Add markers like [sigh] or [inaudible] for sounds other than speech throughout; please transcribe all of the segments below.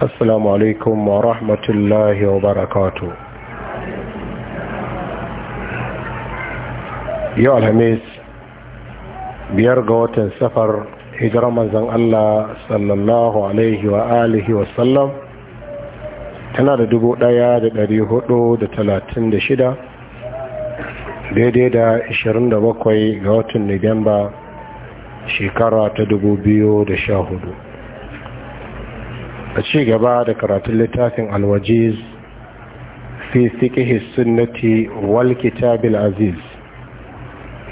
assalamu alaikum wa rahmatullahi wa barakatu yau alhamis biyar ga watan safar hijirar manzan Allah sallallahu alaihi tana da dubu ɗaya da dari hudu da talatin da shida daidai da ishirin da bakwai ga watan nuwamba shekara ta dubu biyu da sha hudu a ci gaba da karatun littafin alwajiz fi fiqh sunnati wal kitabil aziz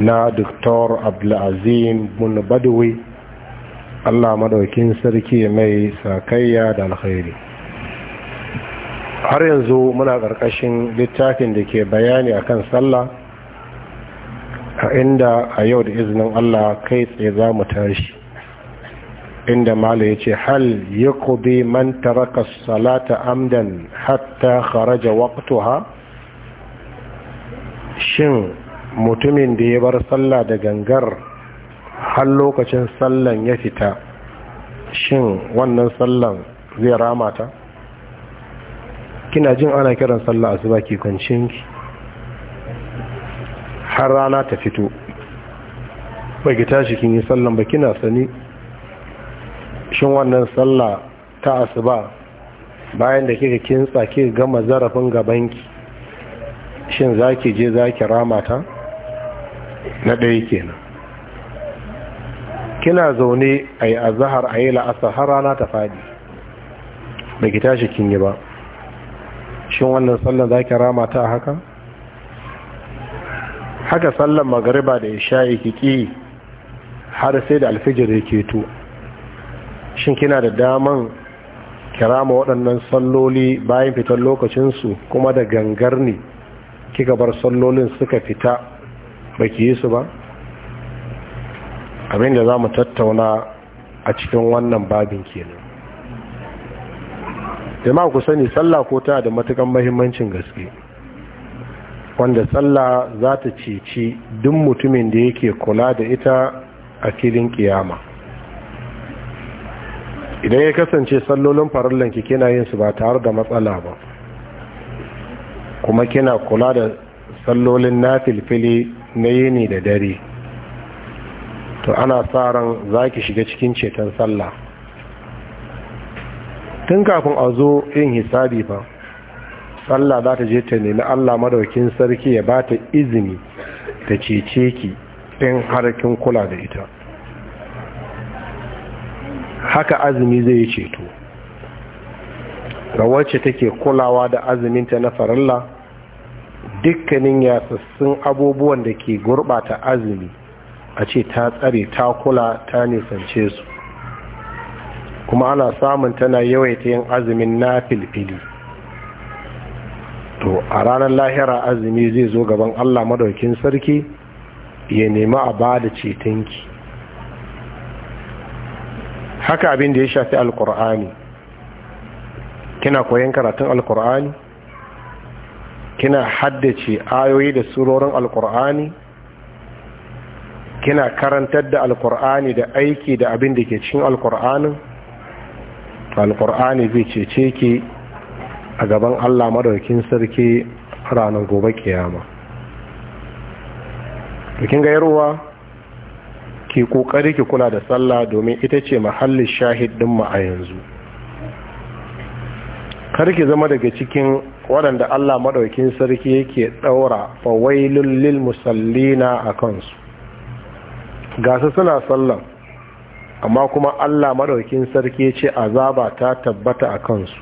na Dr. Abdulazim bin Badawi Allah madaukin sarki mai sakayya da alkhairi har yanzu muna ƙarƙashin littafin da ke bayani a kan sallah a inda a yau da izinin Allah kai tsaye za mu tashi inda mala ya ce hal ya kudi man taraka salata amdan hatta kharaja waqtuha shin mutumin da ya bar sallah da gangar har lokacin sallan ya fita shin wannan sallan zai ramata. ta kina jin ana kiran salla asuba ki har rana ta fito ba ki tashi kin yi sallan ba kina sani shin wannan sallah ta asuba bayan da kika kintsa kika gama zarafin gabanki shin zaki je zaki rama ta na ɗaya kenan kina zaune a yi azahar a yi la'asar har rana ta faɗi ba ki tashi kin yi ba shin wannan sallan za ki rama ta haka? haka sallan magariba da isha'i ki ƙi har sai da alfijir ya to shin kina da daman kirama waɗannan salloli bayan fitar lokacinsu kuma da gangar ne kika bar sallolin suka fita baki yi su ba abin da za mu tattauna a cikin wannan babin kenan Jam'a ku sani sallah ko ta da matukan mahimmancin gaske wanda sallah za ta ceci duk mutumin da yake kula da ita a filin kiyama idan ya kasance sallolin farallanki kina yin su ba tare da matsala ba kuma kina kula da sallolin filfili na yini da dare to ana sa ran za ki shiga cikin ceton sallah tun kafin a zo yin hisabi ba, sallah za ta je ta nemi allah madaukin sarki ya ba ta izini ta cece ki in harkin kula da ita haka azumi zai yi ceto ga wacce take kulawa da azuminta na farilla dukkanin yasassun abubuwan da ke gurbata azumi a ce ta tsare ta kula ta nisance su kuma ana samun tana yawaita yin azumin na filfili to a ranar lahira azumi zai zo gaban allah madaukin sarki ya nemi a ba da cetonki haka abin da ya shafi alkur'ani kina koyon karatun alkur'ani kina haddace ayoyi da surorin alkur'ani kina karantar da alkur'ani da aiki da abin da ke cikin alkur'anin alkur'ani zai cece ki a gaban allah madaukin sarki ranar gobe kiyama bikin gayarwa ki kokari ki kula da sallah domin ita ce mahallin shahid mu a yanzu kar ki zama daga cikin waɗanda Allah madaukin sarki yake daura fawailul lil musallina akan su gasu suna sallah amma kuma Allah madaukin sarki ya ce azaba ta tabbata a kansu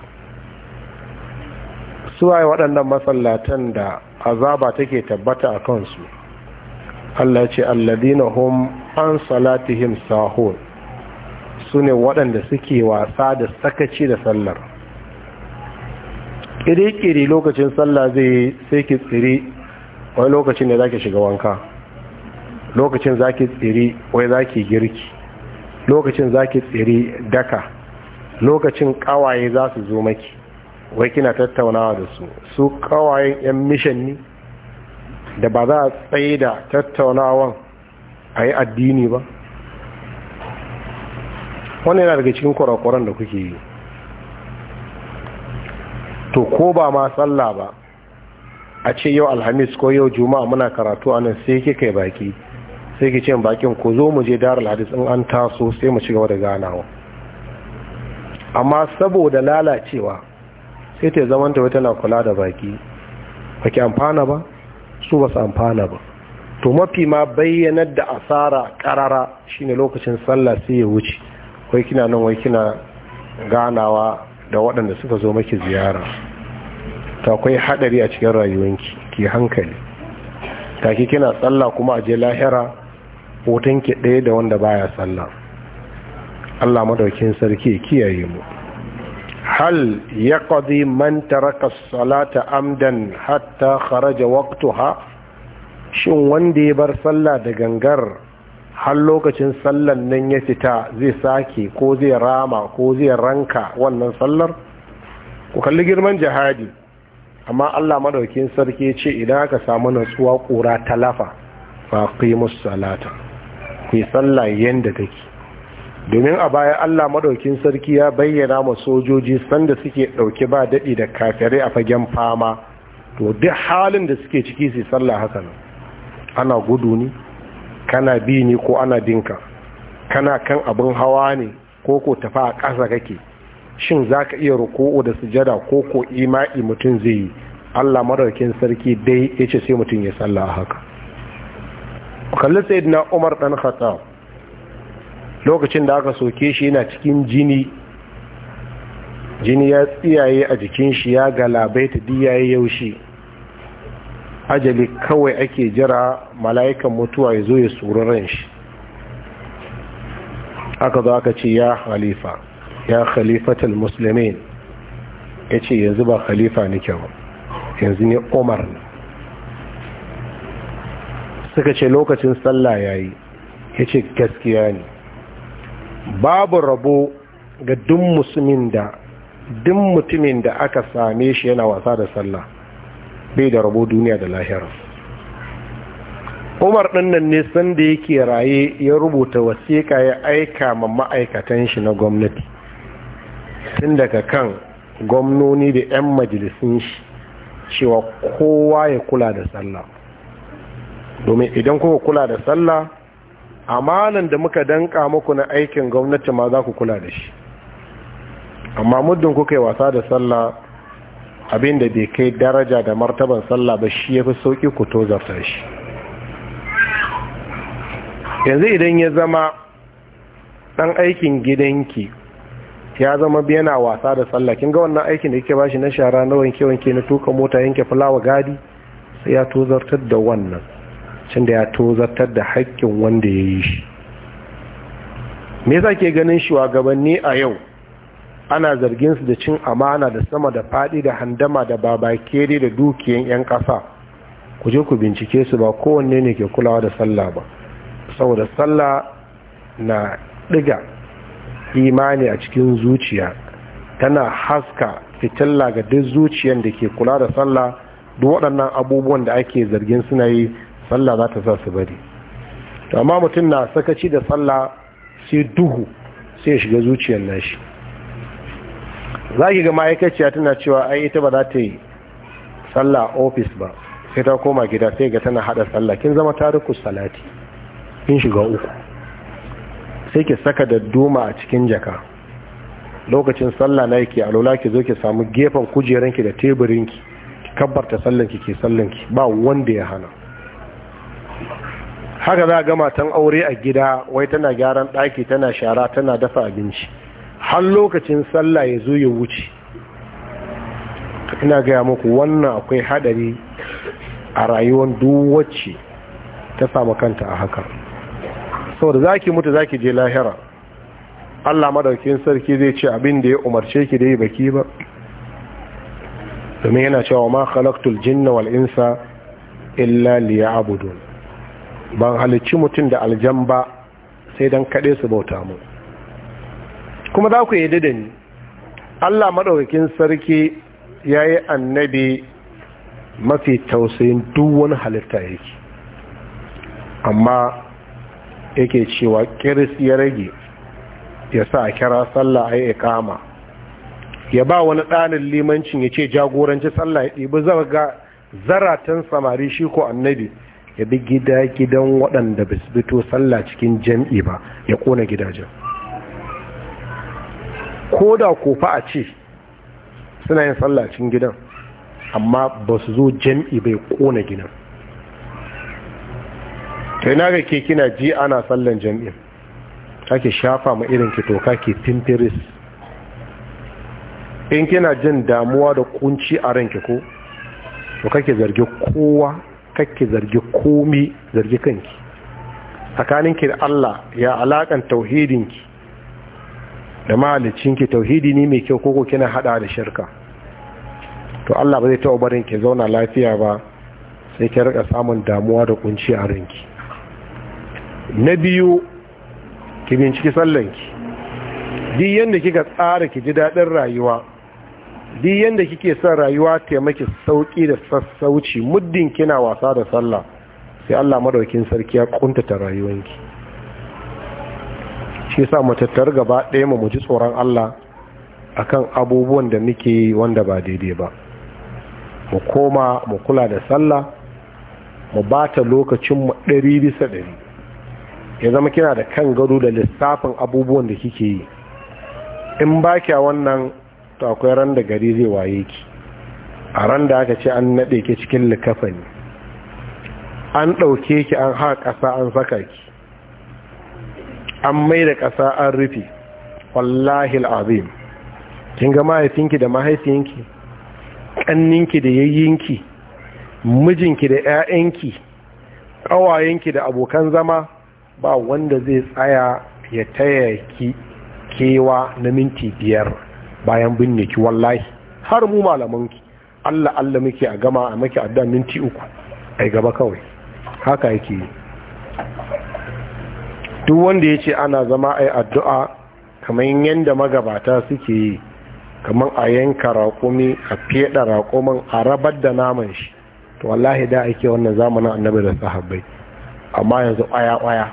suwaye waɗannan masallatan da azaba take tabbata a kansu Allah ce alladina hum an salatihim sahun su ne waɗanda suke wasa da sakaci da sallar ƙiri-ƙiri lokacin sallah zai sai ki tsiri wai lokacin da zaki shiga wanka lokacin zaki tsiri wai zaki girki lokacin zaki tsiri daka lokacin ƙawaye za su zo maki wai kina tattaunawa da su su ƙawayen 'yan mishan ne da ba za a tsaye da tattaunawan a yi addini ba wani yana daga cikin kwarakwaran da kuke yi to ko ba ma tsalla ba a ce yau alhamis ko yau juma'a muna karatu a nan sai kika baki sai ki ce bakin ko zo mu je darul hadis in an taso sai mu cigaba gaba da ganawa amma saboda lalacewa sai ta zamanta wata na kula da baki baki amfana ba su ba su amfana ba to mafi ma bayyanar da asara karara shine lokacin sallah sai ya wuce wai kina nan wai kina ganawa da waɗanda suka zo maki ziyara ta akwai haɗari a cikin rayuwanki ki hankali ta ki kina sallah kuma a je lahira hoton ɗaya da wanda baya sallah Allah madaukin sarki ya kiyaye mu hal ya ƙadi manta raka salata amdan hatta kharaja waqtuha shin wanda ya bar sallah da gangar har lokacin sallar nan ya fita zai sake ko zai rama ko zai ranka wannan sallar ku kalli girman jihadi amma Allah maɗaukin sarki ce idan aka samu natsuwa ƙura talafa fa qimus salata ku yi sallah yanda take domin a baya Allah maɗaukin sarki ya bayyana ma sojoji sanda suke ɗauki, ba daɗi da kafirai a fagen fama to duk halin da suke ciki su sallah haka nan ana gudu ne kana bi ni, ko ana dinka kana kan abin hawa ne ko ko tafa a ƙasa kake shin zaka iya ruku'u da sujada ko ko ima'i mutum zai yi Allah maɗaukin sarki dai yace sai mutum ya sallah haka kalli sayyidina Umar dan Khattab lokacin da aka soke shi yana cikin jini jini ya tsiyaye a jikin shi ya ta diyaye yaushi ajali kawai ake jira mala'ikan mutuwa ya zo ya tsoron shi aka zo aka ce ya khalifa ya khalifatul musulmin ya ce yanzu ba khalifa ni kyau, yanzu ne umar suka ce lokacin sallah ya yi ya ce gaskiya ne babu rabo ga duk musulmin da duk mutumin da aka same shi yana wasa da sallah bai da rabo duniya da lahira umar ɗinnan ne sanda yake raye ya rubuta wasiƙa ya aika ma ma'aikatan shi na gwamnati tun daga kan gwamnoni da 'yan majalisun shi cewa kowa ya kula da sallah domin idan kuka kula da sallah amanan da muka danka muku na aikin gwamnati ma za ku kula da shi amma muddin kuka yi wasa da sallah abin da bai kai daraja da martaban sallah ba shi ya fi sauƙi ku tozarta shi yanzu idan ya zama ɗan aikin gidanki ya zama yana wasa da sallah kin ga wannan aikin da yake bashi na shara na wanke-wanke na tuka mota yanke fulawa gadi sai ya tozartar da wannan can da ya tozartar da haƙƙin wanda ya yi shi me za ke ganin shugabanni a yau ana zargin su da cin amana da sama da faɗi da handama da babakere da dukiyan 'yan ƙasa ku je ku bincike su ba kowanne ne ke kulawa da sallah ba saboda sallah na ɗiga imani a cikin zuciya tana haska fitilla ga duk zuciyan da ke kula da sallah duk waɗannan abubuwan da ake zargin suna yi sallah za ta sa su bari to amma mutum na sakaci da sallah sai duhu sai ya shiga zuciyar nashi za ki ga ma'aikaciya tana cewa ai ita ba za ta yi sallah a ofis ba sai ta koma gida sai ga tana hada sallah kin zama tariku salati kin shiga uku sai ki saka da duma a cikin jaka lokacin sallah na yake alola ki zo ki samu gefen kujeranki da teburinki ki kabbarta sallanki ke sallanki ba wanda ya hana haka za a gama tan aure a gida wai tana gyaran ɗaki tana shara tana dafa abinci har lokacin sallah ya zo ya wuce ina gaya muku wannan akwai hadari a rayuwar duwacce ta samu kanta a haka saboda zaki mutu zaki je lahira Allah madaukin sarki zai ce abin da ya umarce ki da yi baki ba domin yana cewa ma khalaqtul jinna wal insa illa liya'budun ban halicci mutum da aljan ba sai don kaɗe su bauta mu kuma za ku yi da ni allah maɗaukakin sarki ya yi annabi mafi tausayin duk wani halitta yake amma yake cewa kiris ya rage ya sa a kira sallah a yi ikama ya ba wani ɗanin limancin ya ce jagoranci sallah ya ɗibi zaratan samari shi ko annabi ya bi gida gidan waɗanda ba su fito sallah cikin jam'i ba ya kona gidajen ko da kofa a ce suna yin sallah cikin gidan amma ba su zo jam'i bai kona gidan sai na ga ke kina ji ana sallan jam'i kake shafa ma irin ki to kake pimpiris in kina jin damuwa da kunci a ranki ko to kake zargi kowa kakki zargi komi zargi kanki tsakaninki da Allah ya alakan tauhidinki da mahalicinki tauhidi ne mai kyau koko kina hada da shirka to Allah ba zai taɓa barin ki zauna lafiya ba sai ki rika samun damuwa da kunci a ranki na biyu ki binciki sallanki duk yanda kika tsara ki ji daɗin rayuwa duk yanda kike son rayuwa ta maki sauki da sassauci muddin kina wasa da sallah sai Allah madaukin sarki ya kuntata rayuwanki shi yasa mu tattar gaba ɗaya mu ji tsoron Allah akan abubuwan da muke yi wanda ba daidai ba mu koma mu kula da sallah mu bata lokacin mu ɗari bisa ɗari ya zama kina da kan gado da lissafin abubuwan da kike yi in ba kya wannan to akwai ran da gari zai waye ki a ran da aka ce an nade ki cikin likafani an ɗauke ki an haƙa ƙasa an saka ki an mai da ƙasa an rufe wallahi al'azim kin ga mahaifinki da mahaifinki, ƙanninki da yayyinki mijinki da 'ya'yanki ƙawayenki da abokan zama ba wanda zai tsaya ya taya kewa na minti biyar bayan binne ki wallahi har mu malamanki Allah Allah muke a gama a maki addan minti uku ai gaba kawai haka yake duk wanda ya ce ana zama ai addu'a kamar yadda magabata suke yi kamar a yanka raƙumi a feɗa raƙumin a rabar da naman shi to wallahi da ake wannan zamanin annabi da sahabbai amma yanzu ƙwaya-ƙwaya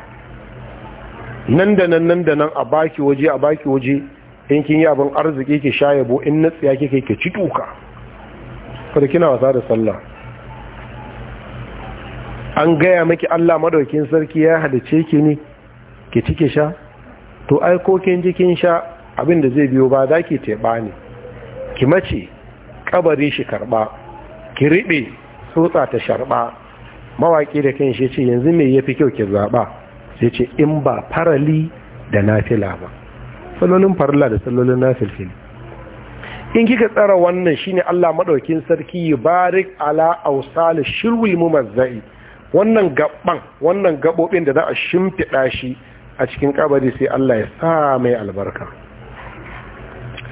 nan da nan nan da nan a baki waje a baki waje in kin yi abin arziki ki sha yabo in na tsiya kike ki ci tuka kada kina wasa da sallah an gaya maki Allah madaukin sarki ya hadace ki ne ki ci ki sha to ai ko kin ji kin sha abin da zai biyo ba za ki teba ne ki mace kabari shi karba ki riɓe tsotsa ta sharba mawaƙi da kan shi ce yanzu me yafi kyau ki zaɓa sai ce in ba farali da nafila ba sallolin farla da sallolin nafilfili in kika tsara wannan shine Allah madaukin sarki barik ala awsal shirwil mumazzai wannan gaban wannan gabobin da za a shimfida shi a cikin kabari sai Allah ya sa mai albarka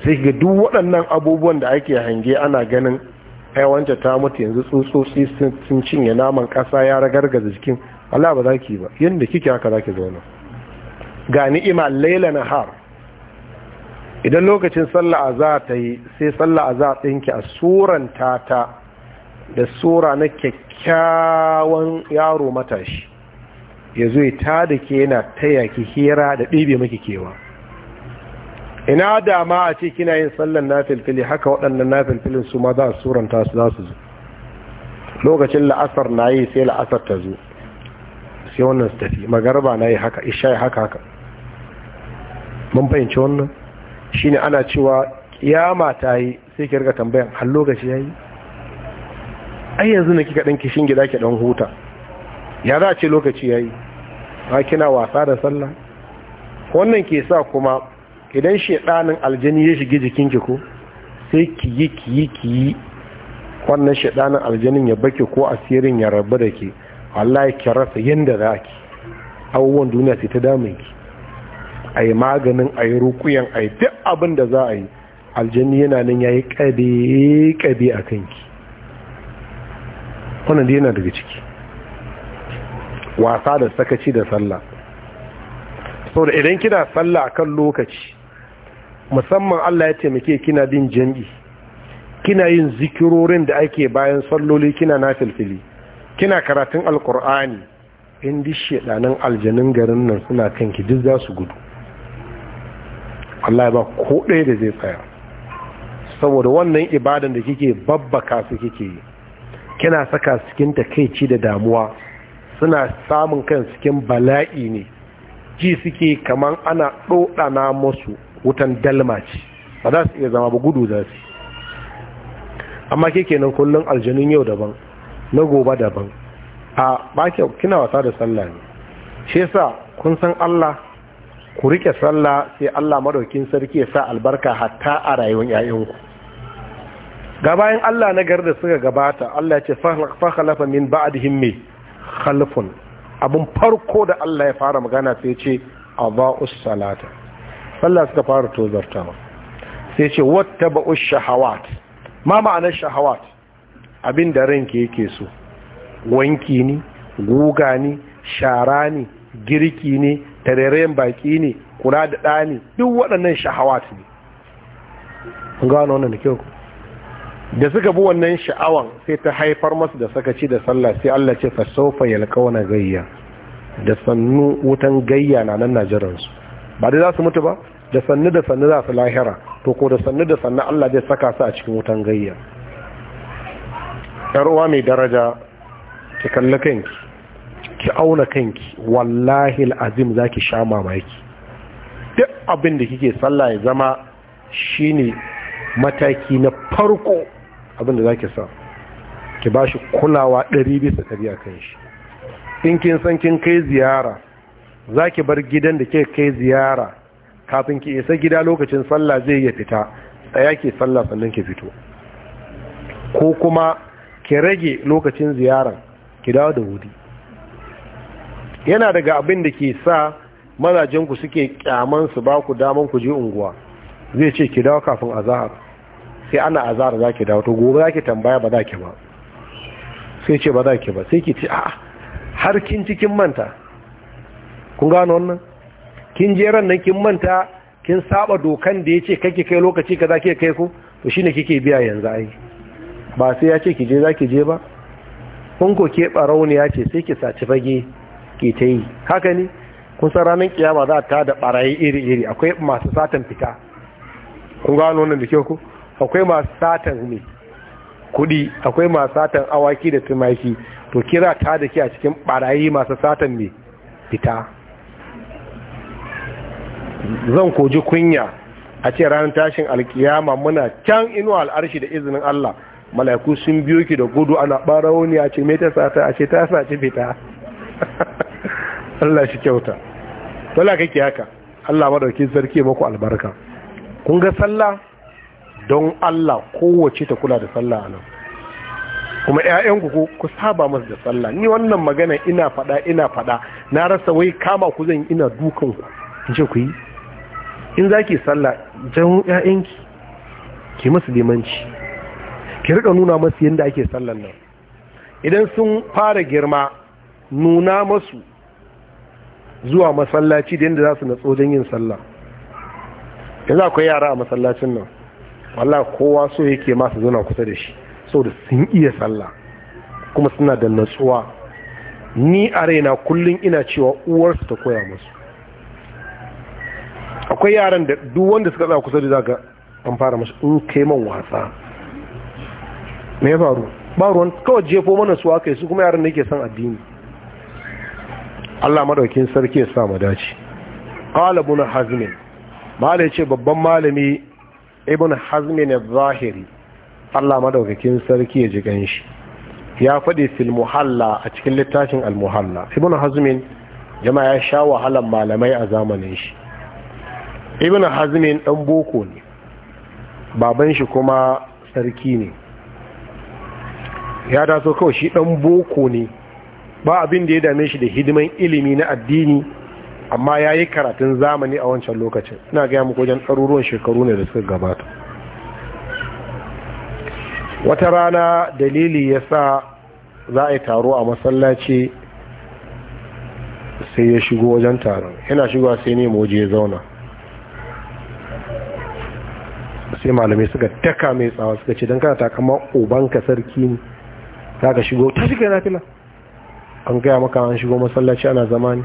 sai ga duk waɗannan abubuwan da ake hange ana ganin ai wanda ta mutu yanzu tsutsotsi sun cinye naman ƙasa ya ragargaza jikin Allah ba za ki ba yadda kike haka za ki zauna ga ni'ima laila har. idan lokacin sallah za ta yi sai sallah a ɗinki a suranta tata da sura na kyakkyawan yaro matashi ya zo ta da ke yana taya ki hira da ɗibe maki kewa ina dama a ce kina yin sallan na filfili haka waɗannan na filfilin su ma za a suranta su za su zo lokacin la'asar na yi sai la'asar ta zo sai wannan su tafi magarba na yi haka isha haka haka mun fahimci wannan shine ana cewa kiyama ta yi sai ki riga tambayan har lokaci yayi ai yanzu ne kika dan kishin gida ki dan huta ya za a ce lokaci yayi ba kina wasa da sallah wannan ke sa kuma idan shedanin aljani ya shige jikin ki ko sai ki yi ki yi ki yi wannan shedanin aljanin ya baki ko asirin ya rabu da ke wallahi ki rasa yanda za ki abubuwan duniya sai ta damun ki a yi maganin a yi rukuyan a yi duk abin da za a yi aljanni yana nan ya yi ƙabe-ƙabe a kanki wannan da yana daga ciki wasa da sakaci da sallah sau da idan kina sallah a kan lokaci musamman allah ya taimake kina bin jam'i kina yin zikirorin da ake bayan salloli kina na filfili kina karatun alkur'ani in di nan aljanin garin nan suna kanki duk za su gudu wallahi ba ko ɗaya da zai tsaya saboda wannan ibadan da kike babbaka su kike yi kina saka cikin takeici da damuwa suna samun kan cikin bala'i ne ji suke kaman ana ɗoɗana musu wutan dalma ce ba za su iya zama ba gudu za su amma ke kenan kullum aljanun yau daban na gobe daban a ba kina wasa da sallah ne shi yasa kun san Allah ku rike sallah sai Allah madaukin sarki ya sa albarka hatta a rayuwar ga gabayin Allah na garda da suka gabata Allah ya ce fa khalafa min ba'dihim me khalfun abun farko da Allah ya fara magana sai ya ce adaa'us salata sallah suka fara tozartawa sai ya ce wattaba'ush shahawat ma ma'anar shahawat abin da ranki yake so wanki ne guga ne shara ne girki ne tarerayen baki ne kula da ɗani duk waɗannan shahawat ne gano wannan da kyau da suka bi wannan sha'awan sai ta haifar masu da saka ci da sallah sai Allah ce fa sofa wani gayya da sannu wutan gayya na nan najeransu ba dai za su mutu ba da sannu da sannu za su lahira to ko da sannu da sannu Allah zai saka su a cikin wutan gayya yar uwa mai daraja ki kalli kanki ki auna kanki wallahi al'azim za ki sha mamaki duk abin da kike sallah ya zama shine mataki na farko abin da za ki sa ki ba shi kulawa ɗari bisa ɗari a kan shi in kin san kin kai ziyara za ki bar gidan da ke kai ziyara kafin ki isa gida lokacin sallah zai iya fita tsaya ke sallah sannan ki fito ko kuma ki rage lokacin ziyaran ki dawo da wuri yana daga abin da ke sa mazajenku suke kyaman su ba ku daman ku je unguwa zai ce ki dawo kafin azahar sai ana azahar za ki dawo to gobe za ki tambaya ba za ki ba sai ce ba za ki ba sai ki ce a har kin cikin manta kun gano wannan kin je ran nan kin manta kin saba dokan da ya ce kake kai lokaci kaza ki kai ku to shine kike biya yanzu ai ba sai ya ce ki je za ki je ba kun ko ke barauniya ce sai ki saci fage ke ta yi haka ne kun ranar kiyama za ta da barayi iri-iri akwai masu satan fita kun gano wannan da ke ku akwai masu satan ne kudi akwai masu satan awaki da tumaki to kira ta da ke a cikin barayi masu satan ne fita zan koji kunya a ce ranar tashin alkiyama muna can inuwa al'arshi da izinin Allah mala'iku sun biyo ki da gudu ana ɓarawo ne a ce mai ta sata a ce ta sace fita [laughs] Allah shi kyauta dole kake haka Allah madauki sarki maku albarka kun ga sallah don Allah kowace ta kula da sallah anan kuma ƴaƴan ku ku saba masu da sallah ni wannan magana ina fada ina fada na rasa wai kama ku zan ina dukan ku in ce ku yi in zaki sallah jan ƴaƴan ki masu limanci ki rika nuna masu yadda ake sallan nan idan sun fara girma nuna masu zuwa masallaci da yadda za su natso don yin sallah yanzu akwai yara a masallacin nan wala kowa so yake masu zauna kusa da shi saboda sun iya sallah kuma suna da natsuwa ni a raina kullum ina cewa uwarsu ta koya musu akwai yaran da duk wanda suka tsaya kusa da zaga an fara masu in kai man wasa me ya faru ba ruwan kawai jefo mana su aka yi su kuma yaran da ke son addini Allah madaukin sarki ya sa mu dace qala ibn hazm mala yace babban malami ibn hazm ne zahiri Allah madaukakin sarki ya ji ganshi ya faɗi fil muhalla a cikin littafin al muhalla ibn hazm jama'a ya sha wahalan malamai a zamanin shi ibn hazm dan boko ne baban shi kuma sarki ne ya so kawai shi dan boko ne ba abin da ya dame shi da hidiman ilimi na addini amma ya yi karatun zamani a wancan lokacin ina gaya muku wajen ɗaruruwan shekaru ne da suka gabata wata rana dalili ya sa za a yi taro a masallaci sai ya shigo wajen taron yana shigowa sai ne moji ya zauna sai malamai suka taka mai tsawa suka ce don kana takamman ubanka sarki ne za ka shigo ta shiga na fila an gaya maka an shigo masallaci ana zama ne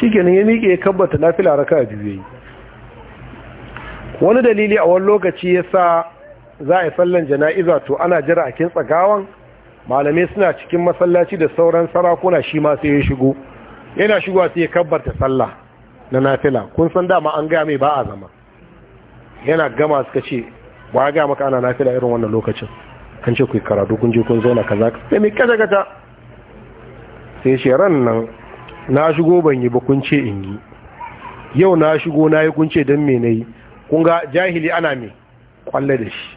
shikenan ya miƙe ya kabbata nafila raka biyu yi wani dalili a wani lokaci ya sa za a yi sallan jana'iza to ana jira a kintsa gawan malamai suna cikin masallaci da sauran sarakuna shi ma sai ya shigo yana shigowa sai ya kabbata sallah na nafila kun san dama an gaya mai ba a zama yana gama suka ce ba a gaya maka ana nafila irin wannan lokacin an ce ku yi karatu kun je kun zauna kaza sai mai kaza kaza sai ce ran nan na shigo ban yi ba kun in yi yau na shigo na yi kun don me na jahili ana me kwallo da shi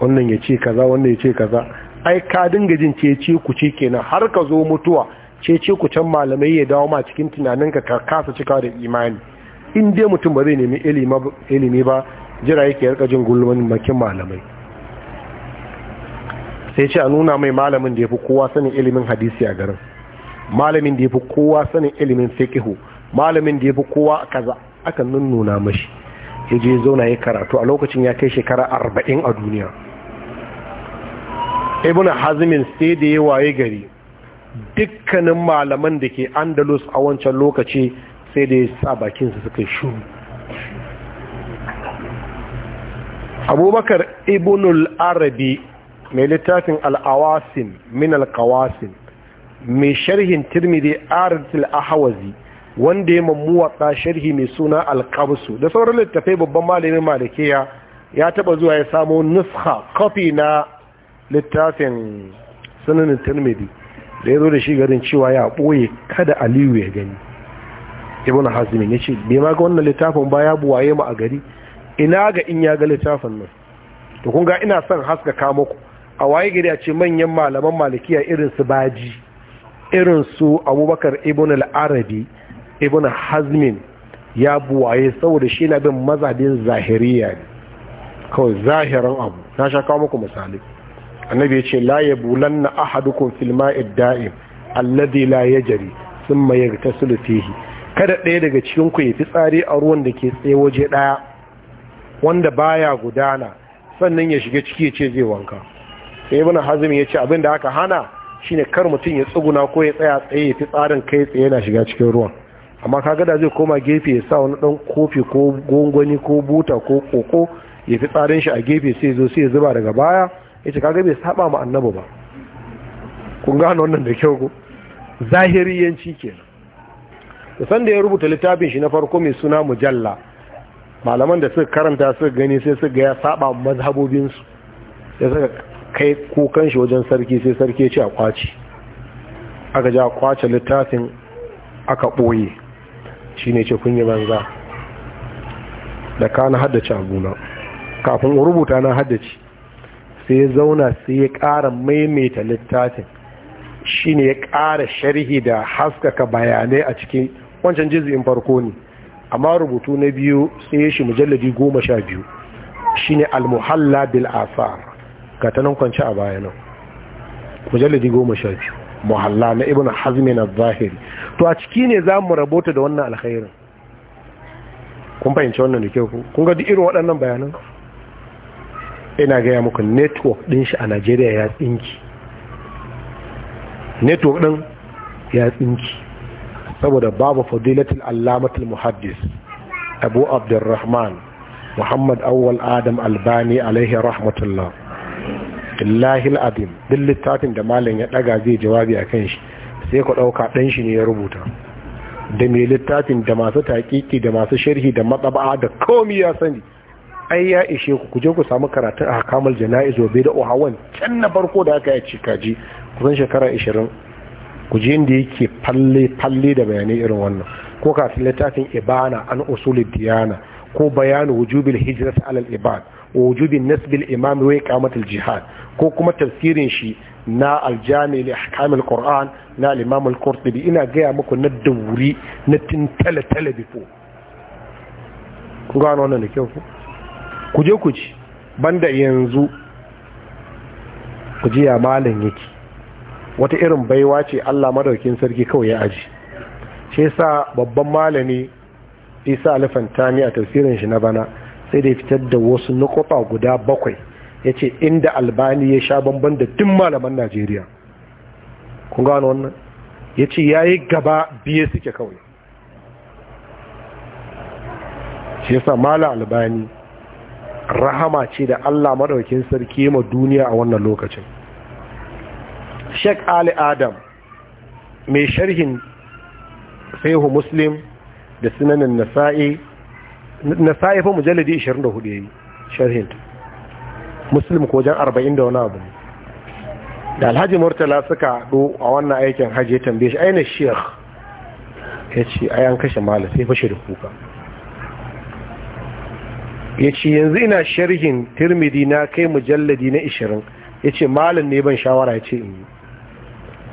wannan ya ce kaza wannan ya ce kaza ai ka dinga jin ce ce ku ce kenan har ka zo mutuwa ce ce ku can malamai ya dawo ma cikin tunanin ka kasa cika da imani in mutum ba zai nemi ilimi ba jira yake rika jin gulman makin malamai sai ce a nuna mai malamin da ya fi kowa sanin ilimin hadisi a garin malamin da ya fi kowa sanin ilimin fikihu malamin da ya fi kowa a kaza aka nunnuna mashi ya je zauna ya karatu a lokacin ya kai shekara arba'in a duniya ibn hazmin sai da ya waye gari dukkanin malaman da ke andalus a wancan lokaci sai da ya sa bakinsa suka shu. abubakar ibn al-arabi mai littafin al-awasin min al-kawasin mai sharhin tirmidhi aratul ahawazi wanda ya ta sharhi mai suna alkabsu da sauran littafai babban malamin malikiya ya taba zuwa ya samo nusha kofi na littafin sunanin tirmidhi da ya zo da shi garin cewa ya ɓoye kada aliyu ya gani ibn hazmi ya ce bai ma ga wannan littafin ba ya buwaye mu a gari ina ga in ya ga littafin nan to kun ga ina son haskaka muku a waye gari a ce manyan malaman malikiya irin su baji irin su abubakar ibn al ibn hazmin ya buwaye saboda shi na bin mazabin zahiriya ne kawai zahiran abu na sha kawo muku misali annabi ya ce la ya bulan na ahadukun filma idda'im alladhi la ya jari sun mai ta sulufihi kada ɗaya daga cikinku ya fi tsari a ruwan da ke tsaye waje ɗaya wanda baya gudana sannan ya shiga ciki ya ce zai wanka ibn hazmin ya ce abin da aka hana shine kar mutum ya tsuguna ko ya tsaya tsaye ya fi tsarin kai tsaye yana shiga cikin ruwan amma kaga da zai koma gefe ya sa wani dan kofi ko gongoni ko buta ko koko ya fi tsarin shi a gefe sai zo sai ya zuba daga baya ya ce kaga bai saba ma annabi ba kun gano wannan da kyau Zahiri yanci kenan da sanda ya rubuta littafin shi na farko mai suna mujalla malaman da suka karanta suka gani sai suka ga ya saba mazhabobinsu ya saka kai kukan shi wajen sarki sai sarki ce a kwaci aka ja kwace littafin aka ɓoye shi ne ce yi banza da ka na haddace abuna kafin rubuta na haddace sai ya zauna sai ya ƙara maimaita littafin shi ne ya ƙara sharhi da haskaka bayanai a cikin wancan jizgin farko ne amma rubutu na biyu sai ya shi mujalladi goma sha biyu shi ne almuhalla bil asa. ga ta nan kwanci a baya nan mujalladi goma sha biyu muhalla na ibn hazmi na zahiri to a ciki ne za mu rabota da wannan alkhairin kun fahimci wannan da kyau kun ga irin waɗannan bayanan ina gaya muku network ɗin shi a najeriya ya tsinki network ɗin ya tsinki saboda babu fadilatul allamatul muhaddis abu abdurrahman muhammad awwal adam albani alaihi rahmatullah billahi al'adim duk littafin da malam ya daga zai jawabi a kan shi sai ku ɗauka dan shi ne ya rubuta da mai littafin da masu taƙiƙi da masu sharhi da matsaba da komi ya sani ai ya ishe ku je ku samu karatun a kamal jana'iz bai da ohawan can na farko da aka yi kaji kusan shekara 20 kuje inda yake falle falle da bayanai irin wannan ko kafin littafin ibana an usulid diyana ko bayanu wujubil hijrat alal ibad wujubin nasbil imam wa iqamatul jihad ko kuma tafsirin shi na aljami li ahkamil qur'an na al-imam al-qurtubi ina gaya muku na dawuri na tintala tala ku gano wannan da kyau ku je ku ci banda yanzu ku ji ya malam yake wata irin baiwa ce Allah madaukin sarki kawai ya aji shi yasa babban malami Isa Alfantani a tafsirin shi na bana sai da fitar da wasu nukuta guda bakwai ya ce inda albani ya sha bamban da duk malaman najeriya kun gano wannan ya ce ya yi gaba biye suke kawai shi yasa mala albani rahama ce da allah maɗaukin sarki ma duniya a wannan lokacin sheik ali adam mai sharhin saihu muslim da sinanin nasa'i na sa'ifa mujalladi 24 yayi sharhinta muslim ko jan 40 da wani abu da alhaji murtala suka haɗu a wannan aikin hajji ya tambaye shi aina sheikh ya ce ai an kashe malam sai fashe da kuka ya ce yanzu ina sharhin tirmidhi na kai mujalladi na 20 ya ce malam ne ban shawara ya ce in yi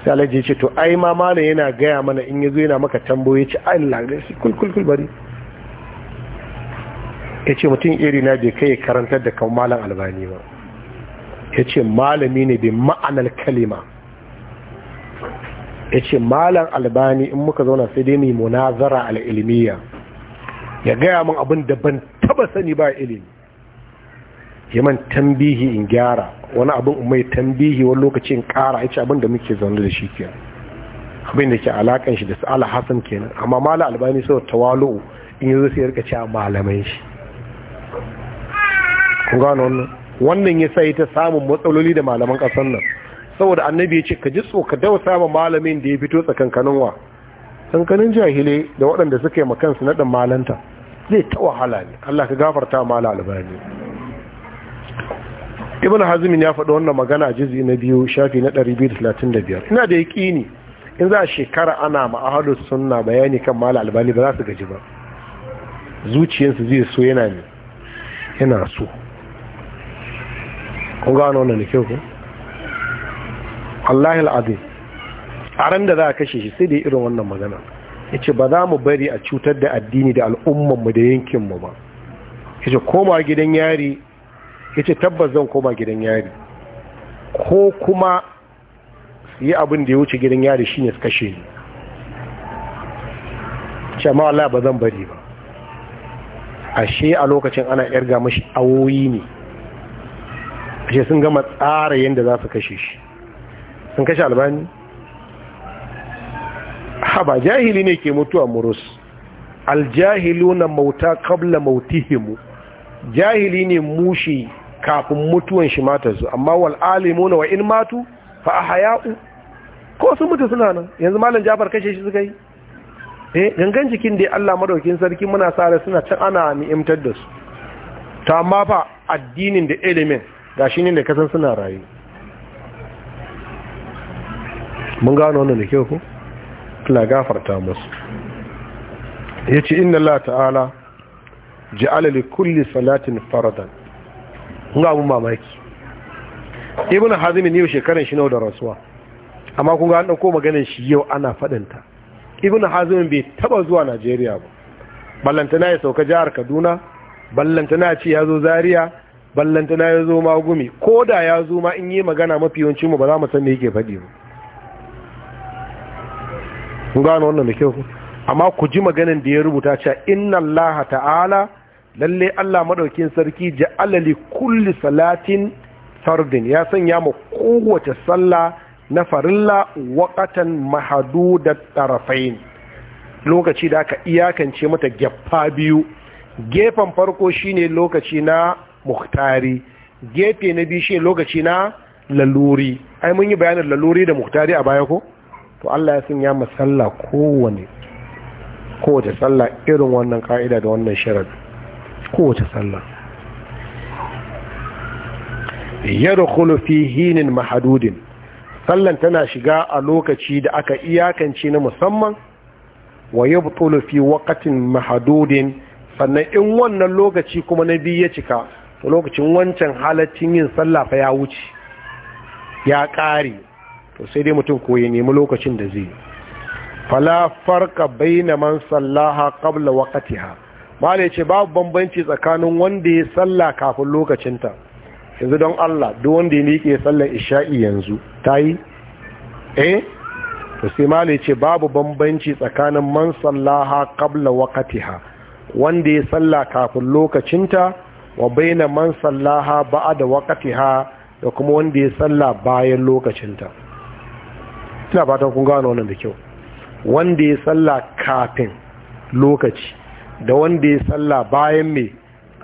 sai alhaji ya ce to ai ma malam yana gaya mana in ya zo yana maka tambaye ya ce ai lagasi kulkulkul bari ya ce mutum iri na bai kai karantar da kan malam albani ba ya ce malami ne bai ma'anar kalima ya ce malam albani in muka zauna sai dai mai munazara al'ilmiya ya gaya min abin da ban taba sani ba ilimi ya man tambihi in gyara wani abin mai tambihi wani lokaci in kara ya ce abin da muke zaune da shi kenan abin da ke alakan shi da su ala hasan kenan amma malam albani sau tawalu in yi yanzu sai ya rika cewa malamai shi kun gano wannan wannan ya sai ta samun matsaloli da malaman ƙasar nan saboda annabi ya ce ka ji tsoka wa ma malamin da ya fito tsakankanin wa tsakankanin jahile da waɗanda suka yi makansu na ɗan malanta zai ta wahala ne Allah ka gafarta mala albani ibn hazmin ya faɗi wannan magana a jizi na biyu shafi na 235 ina da yaƙini in za shekara ana ma'ahadu sunna bayani kan mala albani ba za su gaji ba zuciyarsu zai so yana ne yana so kun gano wannan da kyau ku Allah al'azim a ran da za a kashe shi sai da irin wannan magana ya ce ba za mu bari a cutar da addini da mu da yankin mu ba ya ce koma gidan yari ya ce tabbas zan koma gidan yari ko kuma yi abin da ya wuce gidan yari shine su kashe ni ce ma Allah ba zan bari ba ashe a lokacin ana yarga mashi awoyi ne ashe sun gama tsara yadda za su kashe shi sun kashe albani haba jahili ne ke mutuwa murus na mauta kabla mautihimu jahili ne mushi kafin mutuwan shi matarsu amma wal na wa in matu fa a haya'u. ko sun mutu suna nan yanzu malam Jafar kashe shi suka yi eh gangan jikin da Allah madaukin sarki muna sare suna can ana ni'imtar da su ta amma fa addinin da elements ga shi ne da kasan suna rayu mun gano wannan da kyau ku tana gafarta musu ya ce inna la ta'ala ji alali kulli salatin faradan ga abun mamaki ibn hazim ne yau shekaran shi nau da rasuwa amma kun ga an ɗauko maganin shi yau ana fadinta ibn hazim bai taɓa zuwa Najeriya ba ballantana ya sauka jihar Kaduna ballantana ce ya zo Zaria ballantana ya zo ma gumi ko da ya zo ma in yi magana mafi yawanci mu ba za mu san me yake faɗi ba kun gano wannan da kyau amma ku ji maganin da ya rubuta cewa inna allaha ta'ala lalle Allah madaukin sarki ja'ala li kulli salatin fardin ya sanya mu kowace sallah na farilla waqatan mahdudat tarafain lokaci da aka iyakance mata gefa biyu gefen farko shine lokaci na muhtari gefe na biyu shi lokaci na laluri ai mun yi bayanin laluri da muhtari a baya ko to Allah ya sanya mu sallah kowane kowace sallah irin wannan ka'ida da wannan shirin kowace sallah yadkhulu fi hinin mahadudin sallan tana shiga a lokaci da aka iyakance na musamman wa yabtulu fi waqtin mahadudin sannan in wannan lokaci kuma na biyu ya cika to lokacin wancan halaccin yin sallah fa ya wuce ya ƙare to sai dai mutum ko ya nemi lokacin da zai fala farka baina man sallaha qabla waqtiha malai ce babu bambanci tsakanin wanda ya sallah kafin lokacinta yanzu don Allah duk wanda ya miƙe sallar isha'i yanzu tayi eh to sai malai ce babu bambanci tsakanin man sallaha qabla waqtiha wanda ya sallah kafin lokacinta wa baina man sallaha ba'da waqtiha da kuma wanda ya salla bayan lokacinta ina fatan kun gano wannan da kyau wanda ya salla kafin lokaci da wanda ya salla bayan mai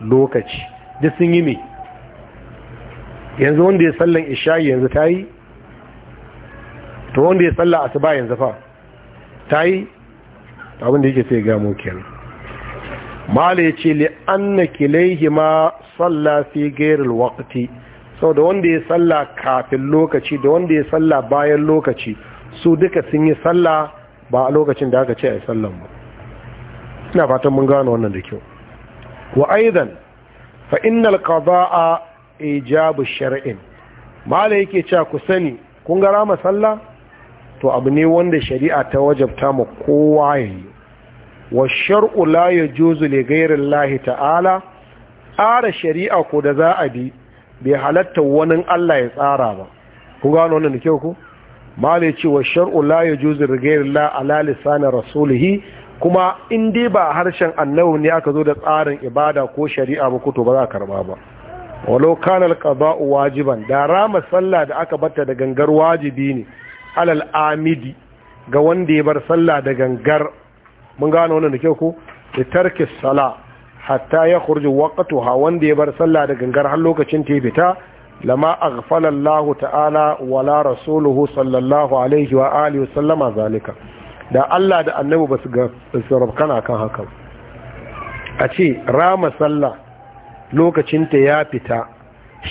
lokaci duk sun yi mai yanzu wanda ya sallan isha'i yanzu ta yi to wanda ya salla asuba yanzu fa ta yi abin da yake sai gamo kenan mala ya ce li anna kilaihi ma salla fi gairil waqti sau da wanda ya salla kafin lokaci da wanda ya salla bayan lokaci su duka sun yi salla ba a lokacin da aka ce a yi sallan ba ina fatan mun gano wannan da kyau wa aidan fa innal qada'a ijabu shar'in mala yake cewa ku sani kun ga rama sallah to abu ne wanda shari'a ta wajabta ma kowa yayi wa shar'u la yajuzu li ghayri ta'ala tsara shari'a ko da za a bi bai halatta wani Allah ya tsara ba ku gano wannan da kyau ku mala ce wa shar'u la yajuzu li la ala lisan rasulihi kuma in dai ba harshen annabi ne aka zo da tsarin ibada ko shari'a ba ko to ba za a karba ba walau kana alqada'u wajiban da rama sallah da aka batta da gangar wajibi ne alal amidi ga wanda ya bar sallah da gangar mun gano wannan da kyau ko da tarki sala hatta ya khurju waqtuha wanda ya bar sallah da gangar har lokacin ta fita lama aghfala Allah ta'ala wala rasuluhu sallallahu alaihi wa alihi sallama zalika da Allah da annabi basu ga sarrafkana kan haka a ce rama sallah lokacin ta ya fita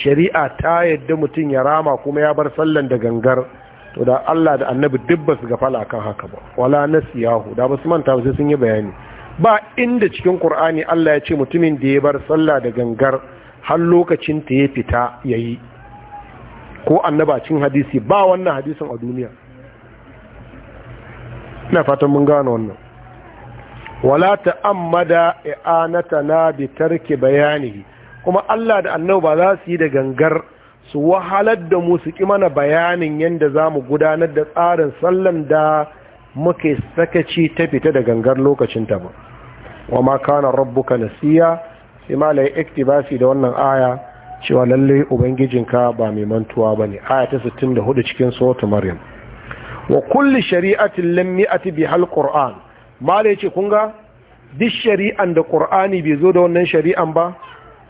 shari'a ta yadda mutum ya rama kuma ya bar sallan da gangar to da Allah da annabi duk ba su gafala kan haka ba wala nasiyahu da basu manta ba sai sun yi bayani ba inda cikin Qur'ani Allah ya ce mutumin da ya bar sallah da gangar har lokacin ta ya fita yayi ko annaba cikin hadisi ba wannan hadisin a duniya ina fatan mun gano wannan wala ta'ammada i'anatana bi tarki bayanihi kuma Allah da annabi ba za su yi da gangar su wahalar da mu su ƙi mana bayanin yadda za mu gudanar da tsarin sallan da muke sakaci ta fita da gangar lokacin ta ba wa ma kana rabbuka nasiya sai malai iktibasi da wannan aya cewa lalle ubangijinka ba mai mantuwa ba ne. aya ta 64 cikin suratul maryam wa kulli shari'atin lam ya'ti bi hal qur'an lai ce kunga ga duk shari'an da qur'ani bai zo da wannan shari'an ba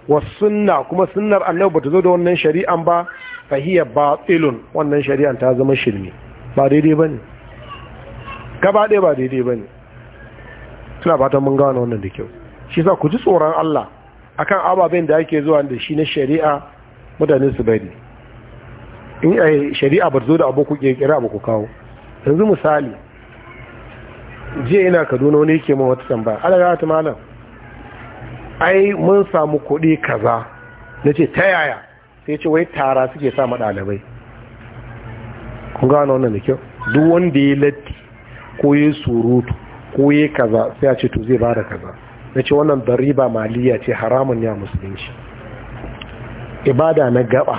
wasunna sunna kuma sunnar annabi bata zo da wannan shari'an ba fa hiya batilun wannan shari'an ta zama shirme ba daidai bane gaba ɗaya ba daidai bane suna fatan mun gano wannan da kyau shi sa ku ji tsoron Allah akan ababen da ake zuwa da shi na shari'a mutane su bari in a eh, shari'a ba zo da abu ku kirkira ba ku kawo yanzu misali jiya ina kaduna wani yake ma wata tambaya alaga ta malam ai mun samu kuɗi kaza na ce ta yaya sai ce wai tara suke sama ɗalibai kun gano wannan da kyau duk wanda ya latti ko ya surutu ko ya kaza sai a ce to zai bada kaza na ce wannan ba maliya ce haramun ya musulunci ibada na gaba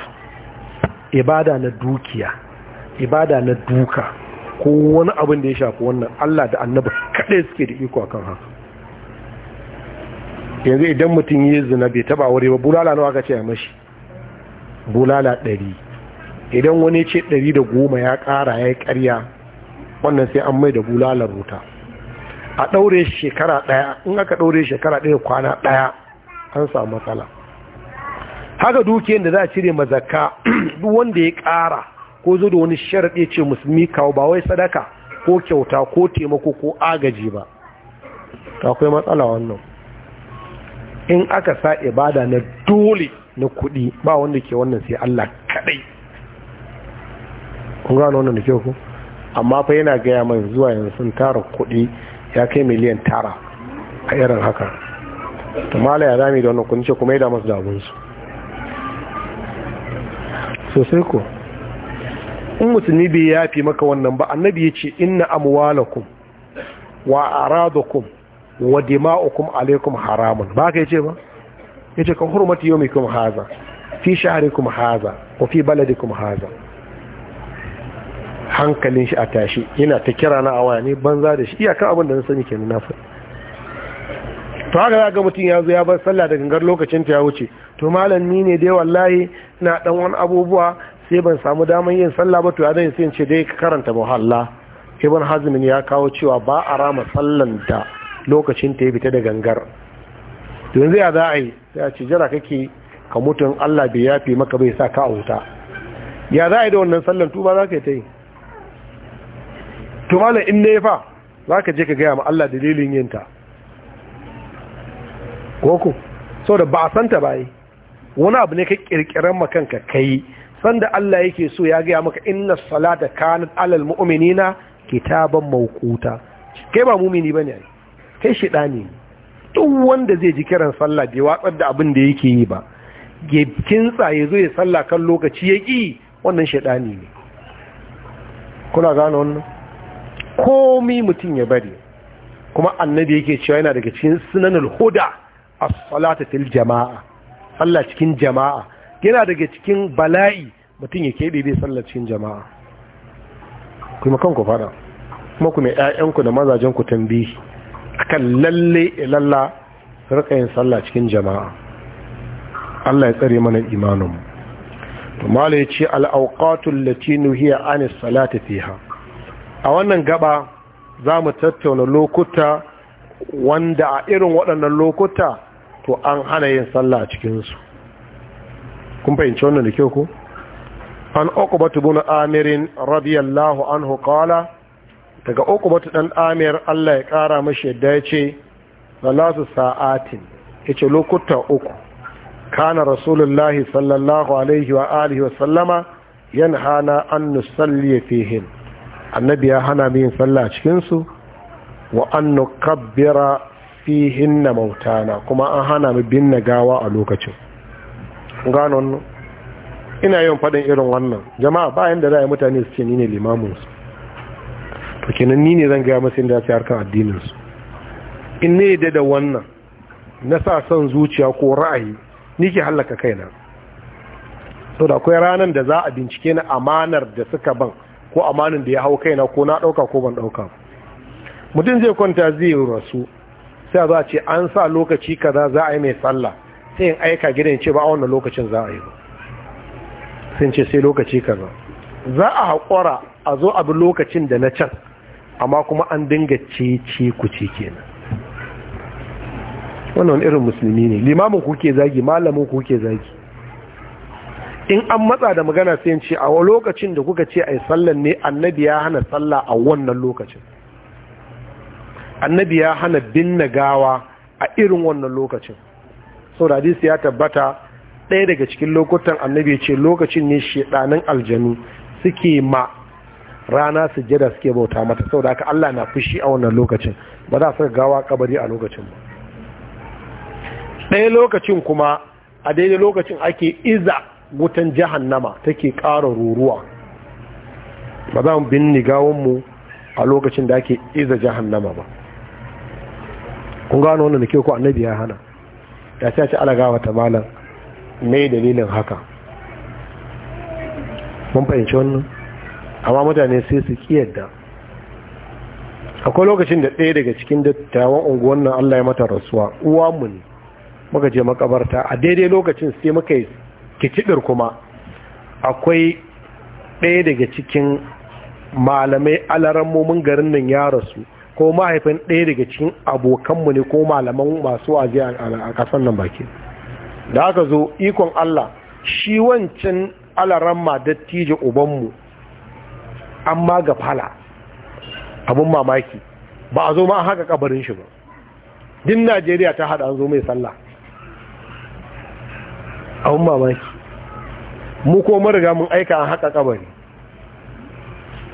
ibada na dukiya ibada na duka ko wani abin da ya shafi wannan allah da annabi kaɗai suke da iko kan haka yanzu idan mutum yi zina bai taba aure ba bulala nawa aka ce mashi bulala ɗari idan wani ce ɗari da goma ya ƙara ya yi ƙarya wannan sai an mai da bulalar wuta a ɗaure shekara ɗaya in aka ɗaure shekara ɗaya kwana ɗaya an samu matsala haka dukiyar da za a cire mazaka [clears throat] duk wanda ya ƙara ko zo da wani sharaɗe ce musulmi kawo ba wai sadaka ko kyauta ko taimako ko agaji ba akwai matsala wannan in aka sa ibada na dole na kuɗi ba wanda ke wannan sai Allah kaɗai kun gano wannan da kyau ku amma fa yana gaya mai zuwa yanzu sun tara kuɗi ya kai miliyan tara a irin haka ta mala ya zami da wannan kun ce kuma ya masu damunsu sosai ko in musulmi bai yafi maka wannan ba annabi ya ce inna amwalakum wa aradakum wa dima'ukum alaikum haramun ba ka yace ba yace ka hurmati yawmikum haza fi shahrikum haza wa fi baladikum haza hankalin shi a tashi yana ta kira na awa ne banza da shi iyakan abin da na sani kenan na faɗi to haka za ga mutum ya zo ya bar sallah da gangar lokacin ta ya wuce to malam ni ne dai wallahi na dan wani abubuwa sai ban samu daman yin sallah ba to ya dan sai in ce dai ka karanta muhalla ibn hazmin ya kawo cewa ba a rama sallan da lokacin ta ya fita da gangar don zai za a yi sai a ce jira kake ka mutum Allah bai fi maka bai sa ka auta ya za a yi da wannan sallan tuba za ka yi ta yi tumalin in ne fa za ka je ka gaya ma Allah dalilin yinta koko sau da ba a santa ba yi wani abu ne ka kirkirar makanka ka yi sanda Allah yake so ya gaya maka inna salata kanat alal mu'minina kitaban mawquta kai ba mumini bane ai kai ɗani duk wanda zai ji kiran sallah bai watsar da abin da yake yi ba ya tsaye zo ya sallah kan lokaci ya ƙi wannan ɗani ne kuna gane wannan komi mutum ya bari kuma annabi yake cewa yana daga cikin sunanul huda a salata til jama'a sallah cikin jama'a yana daga cikin bala'i mutum ya keɓe bai sallah cikin jama'a kuma kanku fara kuma ku mai ƴaƴanku da mazajen ku tambihi akan lalle ilalla su rika yin sallah cikin jama'a Allah ya tsare mana imanin to mala ya ce awqatul lati nuhiya an salati fiha a wannan gaba za mu tattauna lokuta wanda a irin waɗannan lokuta to an hana yin sallah a cikinsu kun fahimci wannan da kyau ko an uqbatu bin amirin radiyallahu anhu qala daga uku batu ɗan amir Allah ya ƙara mashi yadda ya ce salasu sa'atin ya ce lokuta uku kana rasulullahi sallallahu alaihi wa alihi wa sallama yan hana an nusalli hin, annabi ya hana mu yin sallah cikinsu wa an nukabbira fihin na mautana kuma an hana mu binne gawa a lokacin gano ina yawan faɗin irin wannan jama'a bayan da za a yi mutane su ce ni ne limaminsu to kenan ni ne zan gaya masu inda su harkar addininsu in ne da da wannan na sa son zuciya ko ra'ayi ni ke hallaka kaina sau da akwai ranar da za a bincike na amanar da suka ban ko amanin da ya hau kaina ko na ɗauka ko ban ɗauka mutum zai kwanta zai rasu sai za a ce an sa lokaci kaza za a yi mai sallah sai in aika gidan ce ba a wannan lokacin za a yi ba ce sai lokaci kaza za a haƙura a zo abin lokacin da na can amma kuma an dinga ce ce ku ce kenan wannan irin musulmi ne limamin kuke zagi malamin kuke zagi in an matsa da magana sai ce a lokacin da kuka ce ai sallan ne annabi ya hana sallah a wannan lokacin annabi ya hana binne gawa a irin wannan lokacin saboda hadisi ya tabbata ɗaya daga cikin lokutan annabi ce lokacin ne shedanin aljanu suke ma rana sujjada suke bauta mata saboda haka Allah na fushi a wannan lokacin ba za su gawa kabari a lokacin ba ɗaya lokacin kuma a daidai lokacin ake iza wutan jahannama take ƙara ruruwa ba za mu binni gawonmu a lokacin da ake iza jahannama ba kun gano wannan da ke ku annabi ya hana ya ce ce ala gawa ta malam mai dalilin haka mun fahimci wannan amma mutane sai su kiyarda akwai lokacin da ɗaya daga cikin dattawan unguwan nan Allah ya mata rasuwa uwa mu ne muka je makabarta a daidai lokacin sai muka yi kicibir kuma akwai ɗaya daga cikin malamai mun garin nan ya rasu ko mahaifin ɗaya daga cikin abokanmu ne ko malaman masu waje a kasan nan baki da aka zo ikon Allah shi wancan ma dattijin ubanmu amma ga fala abin mamaki ba a zo ma haka kabarin shi ba din najeriya ta hada an zo mai sallah abin mamaki mu ko mariga mun aika an haka kabari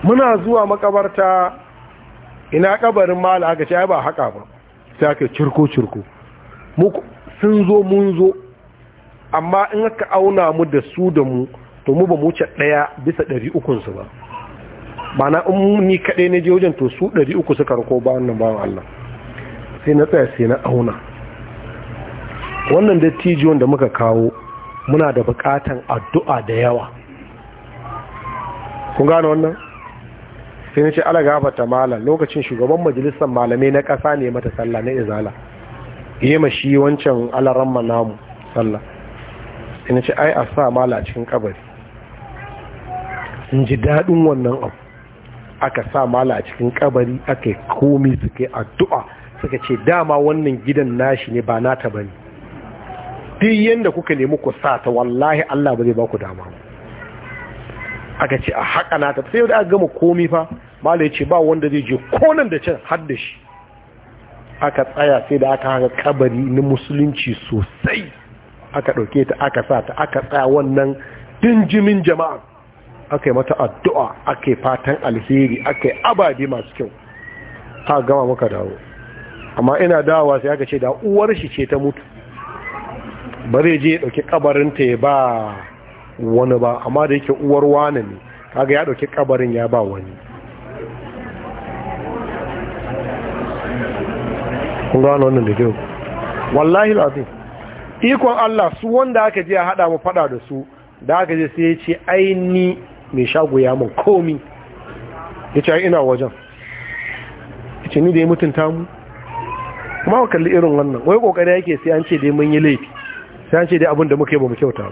muna zuwa makabarta ina kabarin ma aka ce ba haka ba sai aka cirko-cirko sun zo mun zo amma in aka auna mu da su da mu to mu ba mu ce ɗaya bisa ɗari ukunsu ba mana in ni kaɗai na je wajen to su ɗari uku suka rako ba wannan bawan Allah sai na tsaya sai na auna wannan dattijiyon da muka kawo muna da buƙatan addu'a da yawa kun gane wannan sai na ce ala gafata malam lokacin shugaban majalisar malamai na ƙasa ne mata sallah na izala iya ma shi wancan alaran namu sallah sai na ce ai a sa mala a cikin kabari in ji daɗin wannan abu aka sa mala a cikin kabari aka komi suke addu'a suka ce dama wannan gidan nashi ne ba na ta bane duk yanda kuka nemi ku sa ta wallahi Allah ba zai ba ku dama aka ce a haka ta sai da aka gama komi fa mala ya ce ba wanda zai je konan da can har da shi aka tsaya sai da aka haka kabari na musulunci sosai aka ɗauke ta aka sa ta aka tsaya wannan dinjimin jama'a aka yi mata addu'a aka yi fatan alheri aka yi masu kyau ta gama muka dawo amma ina dawa sai aka ce da uwar shi ce ta mutu ba zai je ya kabarin ta ya ba wani ba amma da yake uwar wani ne kaga ya dauke kabarin ya ba wani kun gano wannan da kyau wallahi lafi ikon Allah su wanda aka je a haɗa mu faɗa da su da aka je sai ya ce aini mai shago ya mun komi ya ce ina wajen ya ce ni da ya mutunta mu kuma wa kalli irin wannan wai kokari yake sai an ce dai mun yi laifi sai an ce dai abin da muka yi ba mu kyauta ba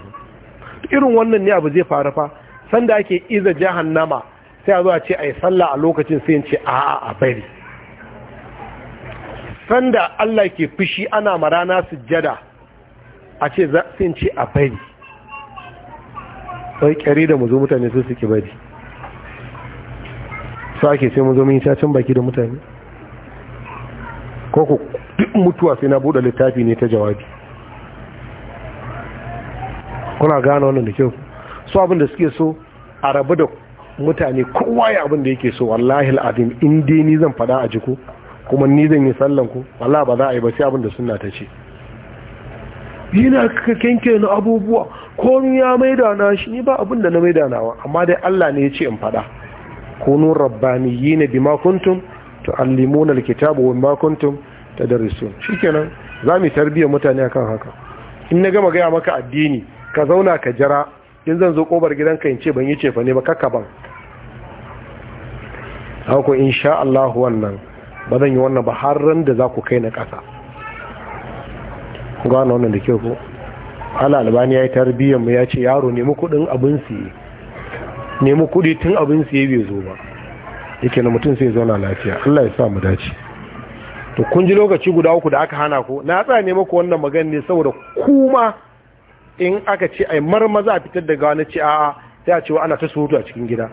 irin wannan ne abu zai faru fa sanda ake iza jahannama sai a zo a ce ai sallah a lokacin sai ce a a bari sanda Allah ke fushi ana marana sujjada a ce sai ce a bari sai kyari da mu zo mutane su suke bari su ake sai mu zo mun cacin baki da mutane ko ku duk [clears throat] mutuwa sai na buɗe littafi ne ta jawabi kuna gane wannan da kyau su abin da suke so a rabu da mutane kowa ya abin da yake so wallahi al'adim in dai ni zan fada a jiko kuma ni zan yi sallan ku wallahi ba za a yi ba sai abin da sunna ta ce yana kenke na abubuwa komi ya maida na shi ni ba abin da na maida nawa amma dai Allah ne ya ce in fada kunu rabbaniyina makuntun ta dare alkitaba wama kuntum za mu zamu tarbiyyar mutane akan haka in na gama gaya maka addini ka zauna ka jira in zan zo kobar gidanka in ce ban yi cefa ne ba kakka ban haka insha Allah wannan ba zan yi wannan ba har ran da za ku kai na kasa. gano wannan da kyau ku. ala albani ya yi tarbiyyar mu ya ce yaro nemi kudin abin siye nemi kudi tun abin siye bai zo ba yake na mutum sai zauna lafiya Allah ya sa mu dace to kun ji lokaci guda uku da aka hana ku na tsaya ne ku wannan magana ne saboda kuma in aka ce ai marmaza a fitar da gawa na ce a'a sai a ce ana ta surutu a cikin gida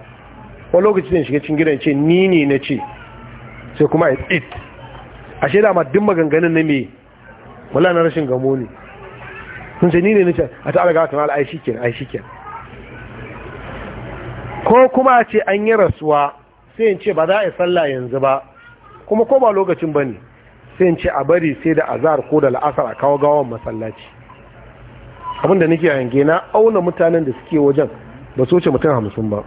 wani lokaci zai shiga cikin gidan ce ni ne na ce sai kuma a tsit ashe ma duk maganganun na me wala na rashin gamo ne sun ce ni ne nace a ta alaga ta mala ai shikenan ai shikenan ko kuma a ce an yi rasuwa sai in ce ba za a yi sallah yanzu ba kuma ko ba lokacin ba ne sai in ce a bari sai da azar ko da la'asar a kawo gawan masallaci abinda nake yanke na auna mutanen da suke wajen ba su wuce mutum hamsin ba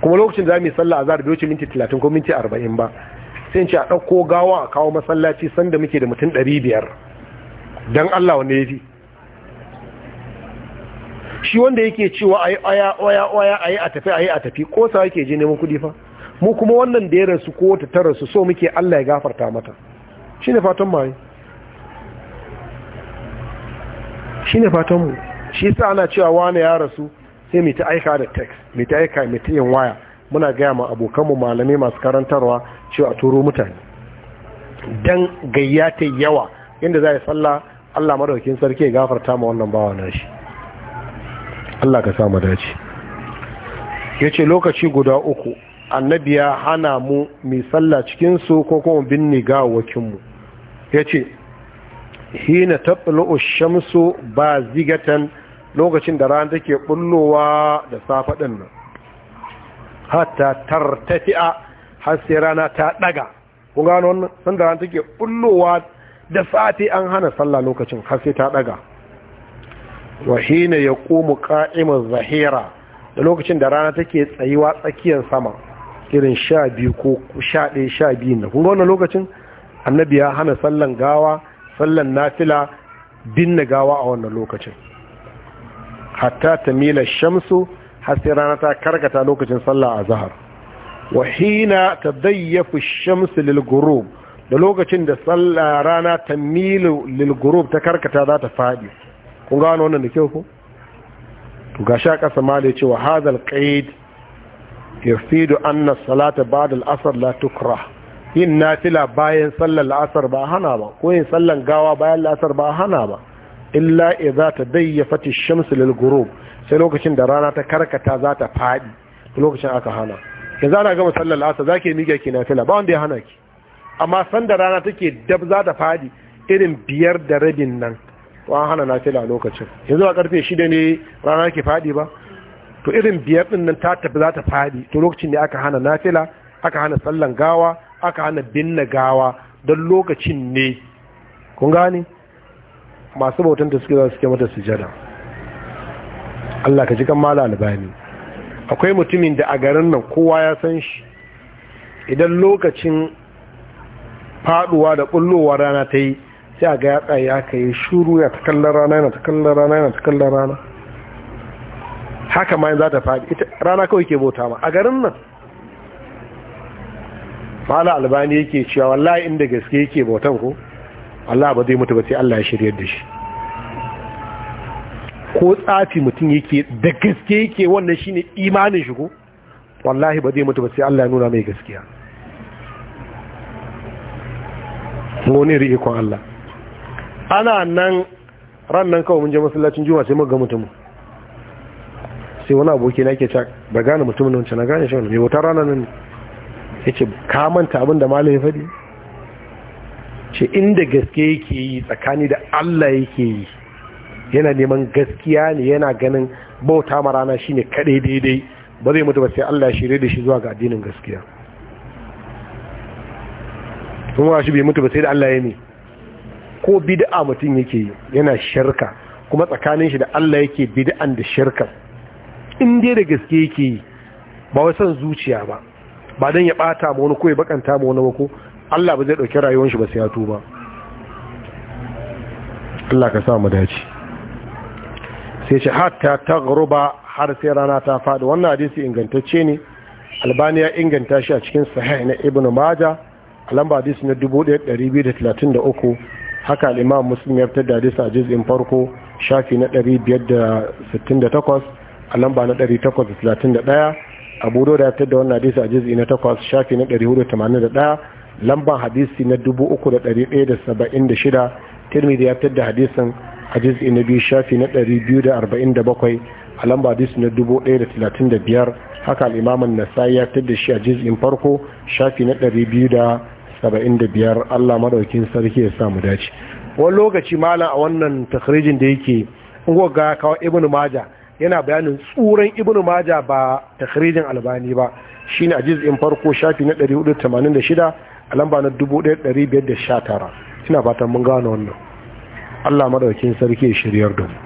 kuma lokacin da za mu yi sallah azar bai wuce minti talatin ko minti arba'in ba sai in ce a ɗauko gawa a kawo masallaci sanda muke da mutum ɗari biyar don Allah wanda ya fi shi wanda yake cewa a yi aya aya aya a yi a tafi a yi a tafi sa yake je neman kudi fa mu kuma wannan da ya rasu ko ta rasu so muke Allah ya gafarta mata shi ne fatan mai shi ne fatan mu shi sa ana cewa wani ya rasu sai mai ta aika da text mai ta aika mai ta yin waya muna gaya ma abokanmu malamai masu karantarwa cewa a turo mutane don gayyata yawa inda za a yi sallah Allah madaukin sarki ya gafarta ma wannan bawa nashi Allah ka sa mu dace yace lokaci guda uku annabi ya hana mu mai sallah cikin su ko kuma binne wakin mu yace hina tatlu'u shamsu ba zigatan lokacin da rana take bullowa da safa din nan hatta tartafi'a har sai rana ta daga kun gano wannan sanda rana take bullowa da safe an hana sallah lokacin har sai ta daga wa ya yaqumu qa'imu zahira da lokacin da rana take tsayuwa tsakiyar sama irin sha biyu ko sha ɗaya sha biyu na Kuma wannan lokacin annabi ya hana sallan gawa sallan nafila binne gawa a wannan lokacin hatta ta mila shamsu har sai rana ta karkata lokacin sallah a zahar wahina ta dayyafu shamsu lil da lokacin da tsalla rana ta milu lilgurub ta karkata za ta faɗi kun gano wannan da kyau ku? to ga sha ƙasa ma da cewa ce wa hazal ƙaid yafidu anna salata bada da al'asar la tukra yin nafila bayan sallar la'asar ba hana ba ko yin sallan gawa bayan la'asar ba hana ba illa idza ta faci shamsu lil sai lokacin da rana ta karkata za ta faɗi lokacin aka hana yanzu ana gama sallar la'asar zaki miƙe ki nafila ba wanda ya hana ki amma sanda rana take dab za ta fadi irin biyar da rabin nan to an hana nafila fila lokacin yanzu a karfe shida ne rana ke fadi ba to irin biyar din nan ta tafi za ta fadi to lokacin ne aka hana nafila aka hana sallan gawa aka hana binne gawa don lokacin ne kun gane masu bautan da suke za suke mata sujada Allah ka ji kan mala albani akwai mutumin da a garin nan kowa ya san shi idan lokacin faduwa da bullowa rana ta yi sai a ga ya tsaye aka yi shuru ya ta kallon rana yana ta kallon rana yana ta kallon rana haka ma yin za ta faɗi ita rana kawai ke bauta ma a garin nan Fala albani yake cewa wallahi inda gaske yake bautan ko Allah ba zai mutu ba sai Allah ya shirya da shi ko tsafi mutum yake da gaske yake wannan shine imanin shi ko wallahi ba zai mutu ba sai Allah ya nuna mai gaskiya wani iri Allah ana nan ran nan kawai mun je masallacin juma sai muka ga mutumin sai wani aboki na yake cak ba gane mutumin nan ce gane shi mai wata rana nan yace ka manta abin da malam ya fadi ce inda gaske yake yi tsakani da Allah yake yi yana neman gaskiya ne yana ganin bauta ma rana shine kadai daidai ba zai mutu ba sai Allah ya shirye da shi zuwa ga addinin gaskiya sun wa shi bai mutu ba sai da Allah ya ne ko bid'a mutum yake yi yana shirka kuma tsakanin shi da Allah yake bid'an da shirka in da gaske yake ba wai son zuciya ba ba dan ya bata ma wani ko ya bakanta ma wani ba ko Allah ba zai dauki rayuwar shi ba sai ya tuba Allah ka sa mu dace sai ce hatta taghruba har sai rana ta faɗi wannan hadisi ingantacce ne albaniya inganta shi a cikin sahih na Ibn majah lamba hadis na 1233 haka al'imam muslim ya fitar da hadis a jiz'in farko shafi na 568 a lamba na 831 abu da ya fitar da wannan hadis a jiz'i na 8 shafi na 481 lamba hadis na 3176 tirmidhi ya fitar da hadisin a jiz'i na biyu shafi na 247 a lamba hadis na 1135 haka al'imamin nasa ya fitar da shi a jiz'in farko shafi na 200 saba'in da biyar allah maɗaukin sarki ya samu dace wani lokaci malam a wannan takarijin da yake in ga kawai ibn maja yana bayanin tsuran ibn maja ba takarijin albani ba shine a in farko shafi na 486 a lamba na 1519 ina fatan mun gano wannan allah maɗaukin sarki ya shiryar da mu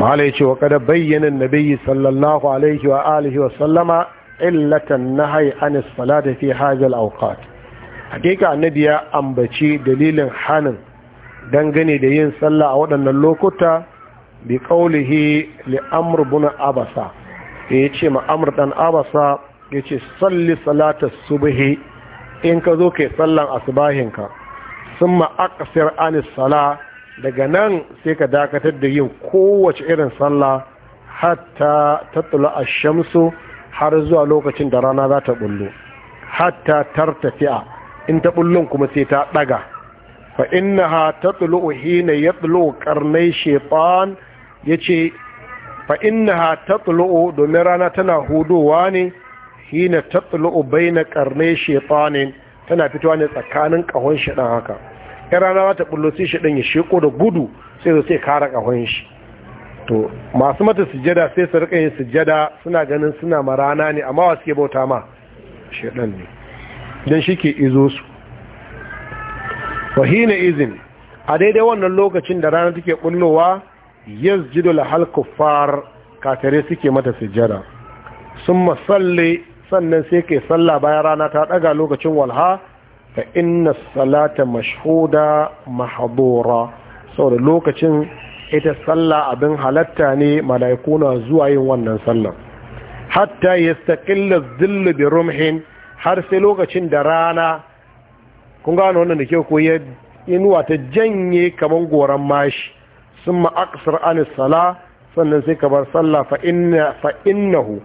mahala ya ce wa kada bayyana nabi sallallahu alaihi wa alihi wa sallama illatan nahyi an as-salati fi hadha al-awqat hakika annabi ya ambaci dalilin hanin dangane da yin sallah a waɗannan lokuta bi qaulihi li amr ibn abasa yace ma amr dan abasa yace salli salata subhi in ka zo kai sallan ka summa aqsir an salah daga nan sai ka dakatar da yin kowace irin sallah hatta tatlu ash-shamsu har zuwa lokacin da rana za ta bullo hatta tartafi'a in ta bullon kuma sai ta daga fa innaha tatlu hina yatlu qarnai shaytan yace fa innaha tatlu'u domin rana tana hudowa ne hina tatlu baina qarnai shaytan tana fitowa ne tsakanin kahon shi haka in rana za ta bullo sai shi dan ya sheko da gudu sai zo sai kara kahon shi to masu mata sujjada sai su rika yin sujjada suna ganin suna marana ne amma wasu ke bauta ma shaɗan ne don shi ke izo su wahina izin a daidai wannan lokacin da rana take bullowa yasjudu lahal kuffar katare suke mata sujjada sun masalle sannan sai kai sallah bayan rana ta ɗaga lokacin walha fa inna salata mashhuda mahabura saboda lokacin ita sallah abin halatta ne mala'iku na zuwa yin wannan sallah, hatta yastaqilla dhillu bi rumhin har sai lokacin da rana kun gano wannan da ke ko inuwa ta janye kaman goran mashi summa aqsar an sala sannan sai ka bar sallah fa inna fa innahu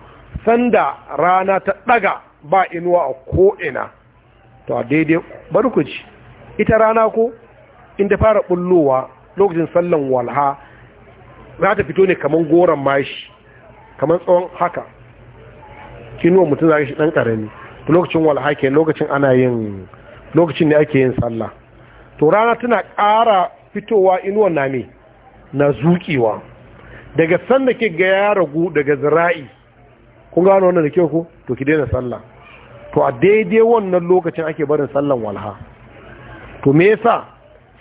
sanda rana ta daga ba inuwa a ko ina to a daidai barkuci ita rana ko inda ta fara bullowa lokacin sallan walha za ta fito ne kamar goron mashi kamar tsawon haka kinuwa mutum za shi dan karami lokacin walha ke lokacin ana yin lokacin ne ake yin sallah to rana tana ƙara fitowa inuwa na me na zuƙiwa daga sanda ke ga ya ragu daga zira'i kun gano wannan da kyau ko to ki daina sallah to a daidai wannan lokacin ake barin sallan walha to me yasa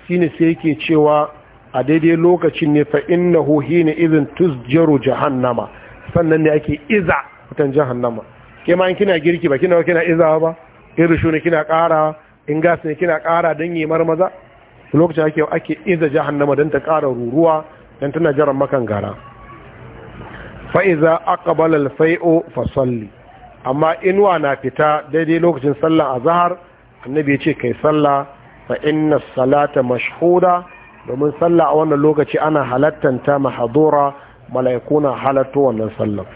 shine sai yake cewa a daidai lokacin ne fa innahu hina idhin tuzjaru jahannama sannan ne ake iza wutan jahannama ke ma kina girki ba kina kina iza ba irin shi ne kina ƙara in gas ne kina ƙara don yi marmaza lokacin ake ake iza jahannama don ta kara ruruwa don tana jaran makan gara fa'iza aqbala al-fai'u fa salli amma inuwa na fita daidai lokacin sallar zahar annabi ya ce kai sallah fa inna salata mashhuda domin sallah a wannan lokaci ana halattanta mahadura mala'iku na halatto wannan sallar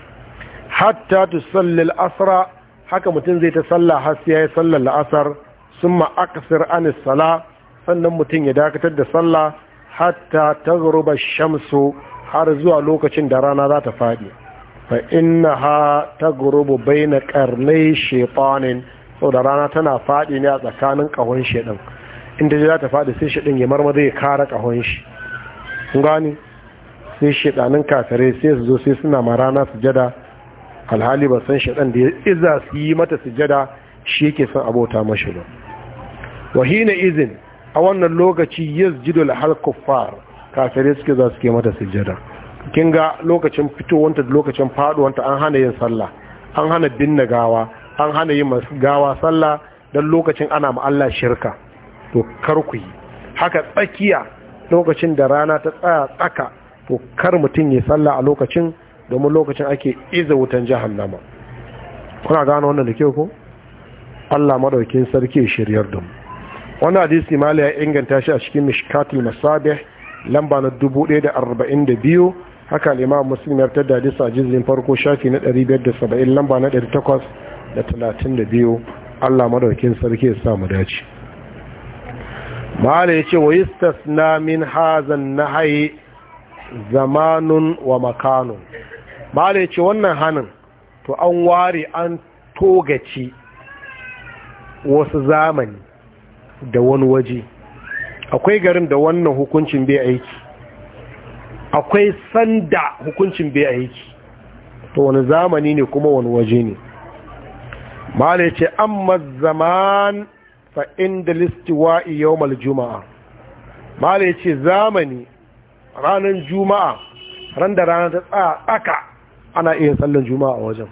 hatta tu sallil asra haka mutum zai ta sallah har sai yayi sallar la'asar summa aqsir anis sala sannan mutum ya dakatar da sallah hatta taghruba shamsu har zuwa lokacin da rana za ta fadi fa innaha taghrubu baina qarnay shaytanin saboda rana tana fadi ne a tsakanin kahon shedan inda za ta faɗi sai shiɗin ya marma zai kara ƙahon shi gani sai shiɗanin kafirai sai su zo sai suna ma rana sujada alhali ba san shiɗan da ya iza su yi mata sujada shi yake son abota mashi ba wahina izin a wannan lokaci dole har kuffar kafirai suke za su ke mata sujada kin ga lokacin fitowanta da lokacin faduwanta an hana yin sallah an hana binne gawa an hana yin gawa sallah don lokacin ana ma Allah shirka to karku yi haka tsakiya lokacin da rana ta tsaya tsaka to kar mutum ya sallah a lokacin domin lokacin ake iza wutan jahannama kuna gano wannan da kyau ko Allah madaukin sarki shiryar da mu wannan hadisi mali ya inganta shi a cikin mishkatul masabih lamba na 1042 haka al-imam muslim ya fitar da hadisi a jizlin farko shafi na 570 lamba na 832 Allah madaukin sarki ya sa mu dace ma'ala ya ce wa yi stasna min hazan na haye zamanun wa makanun ma'ala ya ce wannan hannun to an ware an togaci wasu zamani da wani waje akwai garin da wannan hukuncin bai aiki akwai sanda hukuncin bai aiki to wani zamani ne kuma wani waje ne ma'ala ya ce amma zaman fa inda listiwa'i mal juma'a mala ce zamani ranar juma'a ran da ranar ta tsaka ana iya sallan juma'a a wajen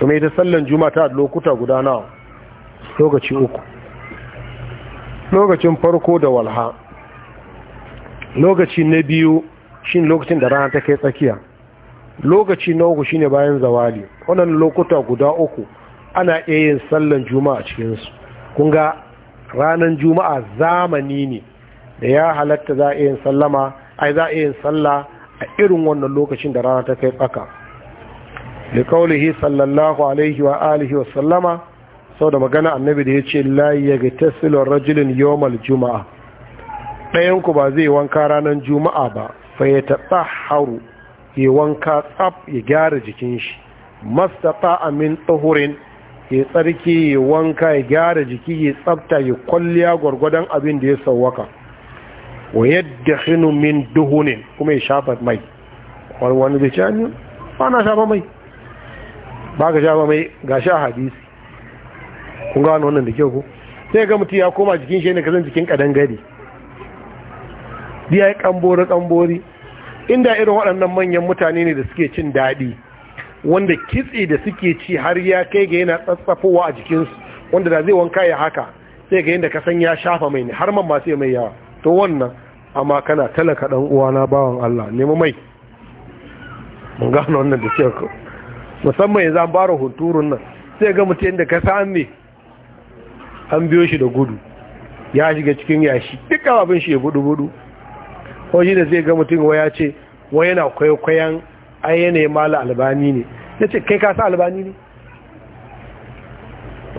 kuma ita sallan juma'a ta lokuta guda nawa lokaci uku lokacin farko da walha lokaci na biyu shi lokacin da rana ta kai tsakiya lokaci na uku shine bayan zawali wannan lokuta guda uku ana iya yin sallan juma'a cikinsu kun ga ranar juma'a zamani ne da ya halatta za a yin sallama za a yin sallah a irin wannan lokacin da rana ta kai tsaka da kaulihi sallallahu alaihi wa alihi wa sallama sau da magana annabi da ya ce layi ya ga tasirin rajilin yomal juma'a ɗayanku ba zai wanka ranar juma'a ba fa ya taɓa haru ya wanka tsaf ya gyara jikin shi mastata amin tsohurin ya tsarki ya wanka ya gyara jiki ya tsabta ya kwalliya gwargwadon abin da ya sauwaka wa yadda hinu min duhunin kuma ya shafa mai wani zai ce hanyar ba na shafa mai ba ka shafa mai ga sha hadisi kun gano wannan da kyau ko sai ga mutu ya koma jikin shi ne zan jikin kadan gari biya ya kambori kambori inda irin waɗannan manyan mutane ne da suke cin daɗi wanda kitse da suke ci har ya kai ga yana tsatsafowa a jikinsu wanda da zai wanka ya haka sai ga yadda kasan ya shafa mai ne har man masu mai yawa to wannan amma kana talaka dan uwana bawan Allah nemi mai mun gano wannan da ke ko musamman yanzu an bara hunturun nan sai ga mutum yadda kasa an ne an biyo shi da gudu ya shiga cikin yashi duk abin shi ya gudu budu ko shi da zai ga mutum waya ce wai yana kwaikwayon ai yanayin mala albani ne na ce kai kasa albani ne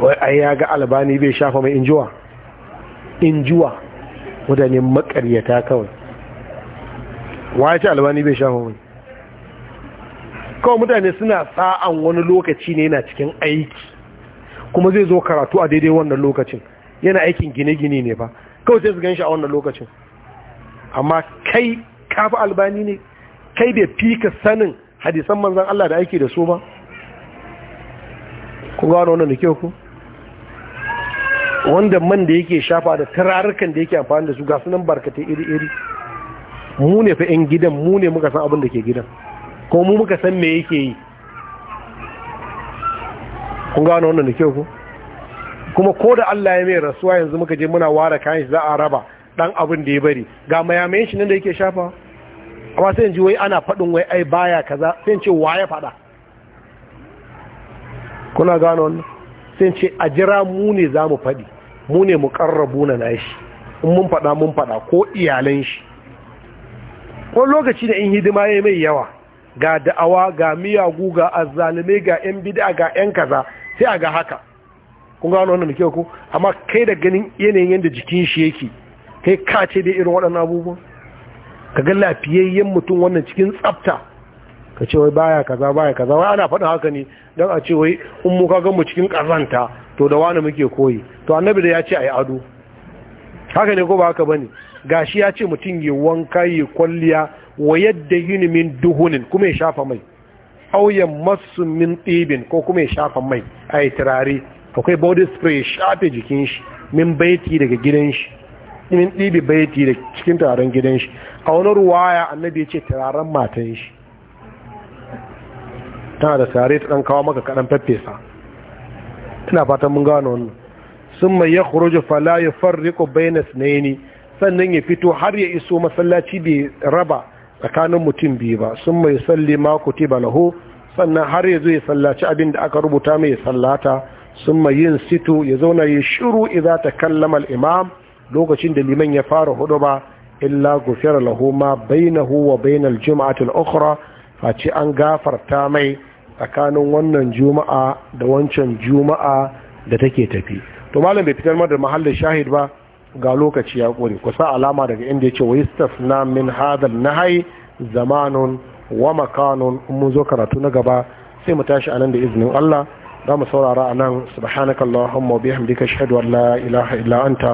wai ai ya ga albani bai shafa mai injuwa injuwa mutane makaryata kawai waye ce albani bai shafa mai kawai mutane suna sa'an wani lokaci ne yana cikin aiki kuma zai zo karatu a daidai wannan lokacin yana aikin gine-gine ne ba kawai sai su gan shi a wannan lokacin amma kai kafa albani ne kai bai fi ka sanin hadisan manzan Allah da ake da su ba ku gano wannan da kyau ku wanda man da yake shafa da tararukan da yake amfani da su ga sunan barkatai iri-iri mu ne fa 'yan gidan mu ne muka san abin da ke gidan ko mu muka san me yake yi kun gano wannan da kyau ku kuma ko da Allah ya mai rasuwa yanzu muka je muna ware kayan shi za a raba dan abin da ya bari ga mayamayin shi nan da yake shafa amma sai ji wai ana faɗin wai ai baya kaza sai ce wa ya faɗa kuna gano wannan sai ce a jira mu ne za mu faɗi mu ne mu ƙarrabu na nashi in mun faɗa mun faɗa ko iyalan shi ko lokaci da in hidima ya mai yawa ga da'awa ga miyagu ga azzalume ga yan bid'a ga yan kaza sai a ga haka kun gano wannan da ku amma kai da ganin yanayin yadda jikin shi yake kai ka ce dai irin waɗannan abubuwa? ka ga lafiyayyen mutum wannan cikin tsafta ka ce wai baya kaza baya kaza wai ana faɗin haka ne don a ce wai in mu kaga mu cikin ƙazanta to da wani muke koyi to annabi da ya ce a yi ado haka ne ko ba haka bane gashi ya ce mutum ya wanka ya kwalliya wa yadda yini min duhunin kuma ya shafa mai auyan masu min ɗibin ko kuma ya shafa mai a yi turare akwai body spray ya shafe jikin shi min baiti daga gidan shi min ɗibi baiti da cikin taron gidan shi a wani ruwaya annabi ya ce turaren matan shi tana da tare ta ɗan kawo maka kaɗan faffesa ina fatan mun gano wannan sun mai ya kuroji fala ya farriko bayanas na yini sannan ya fito har ya iso masallaci bai raba tsakanin mutum biyu ba sun mai salli mako ba laho sannan har ya zo ya sallaci abin da aka rubuta mai sallata sun mai yin sito ya zauna ya shiru idan ta kallama imam. lokacin da liman ya fara hudu ba illa gufira lahu ma bainahu wa bainal juma'atul ukhra face an gafarta mai tsakanin wannan juma'a da wancan juma'a da take tafi to malam bai fitar da mahallin shahid ba ga lokaci ya kore ku sa alama daga inda yace wa yastafna min na nahai zamanun wa makanun mun zo karatu na gaba sai mu tashi anan da iznin Allah za mu saurara anan subhanakallahumma wa bihamdika ashhadu an la ilaha illa anta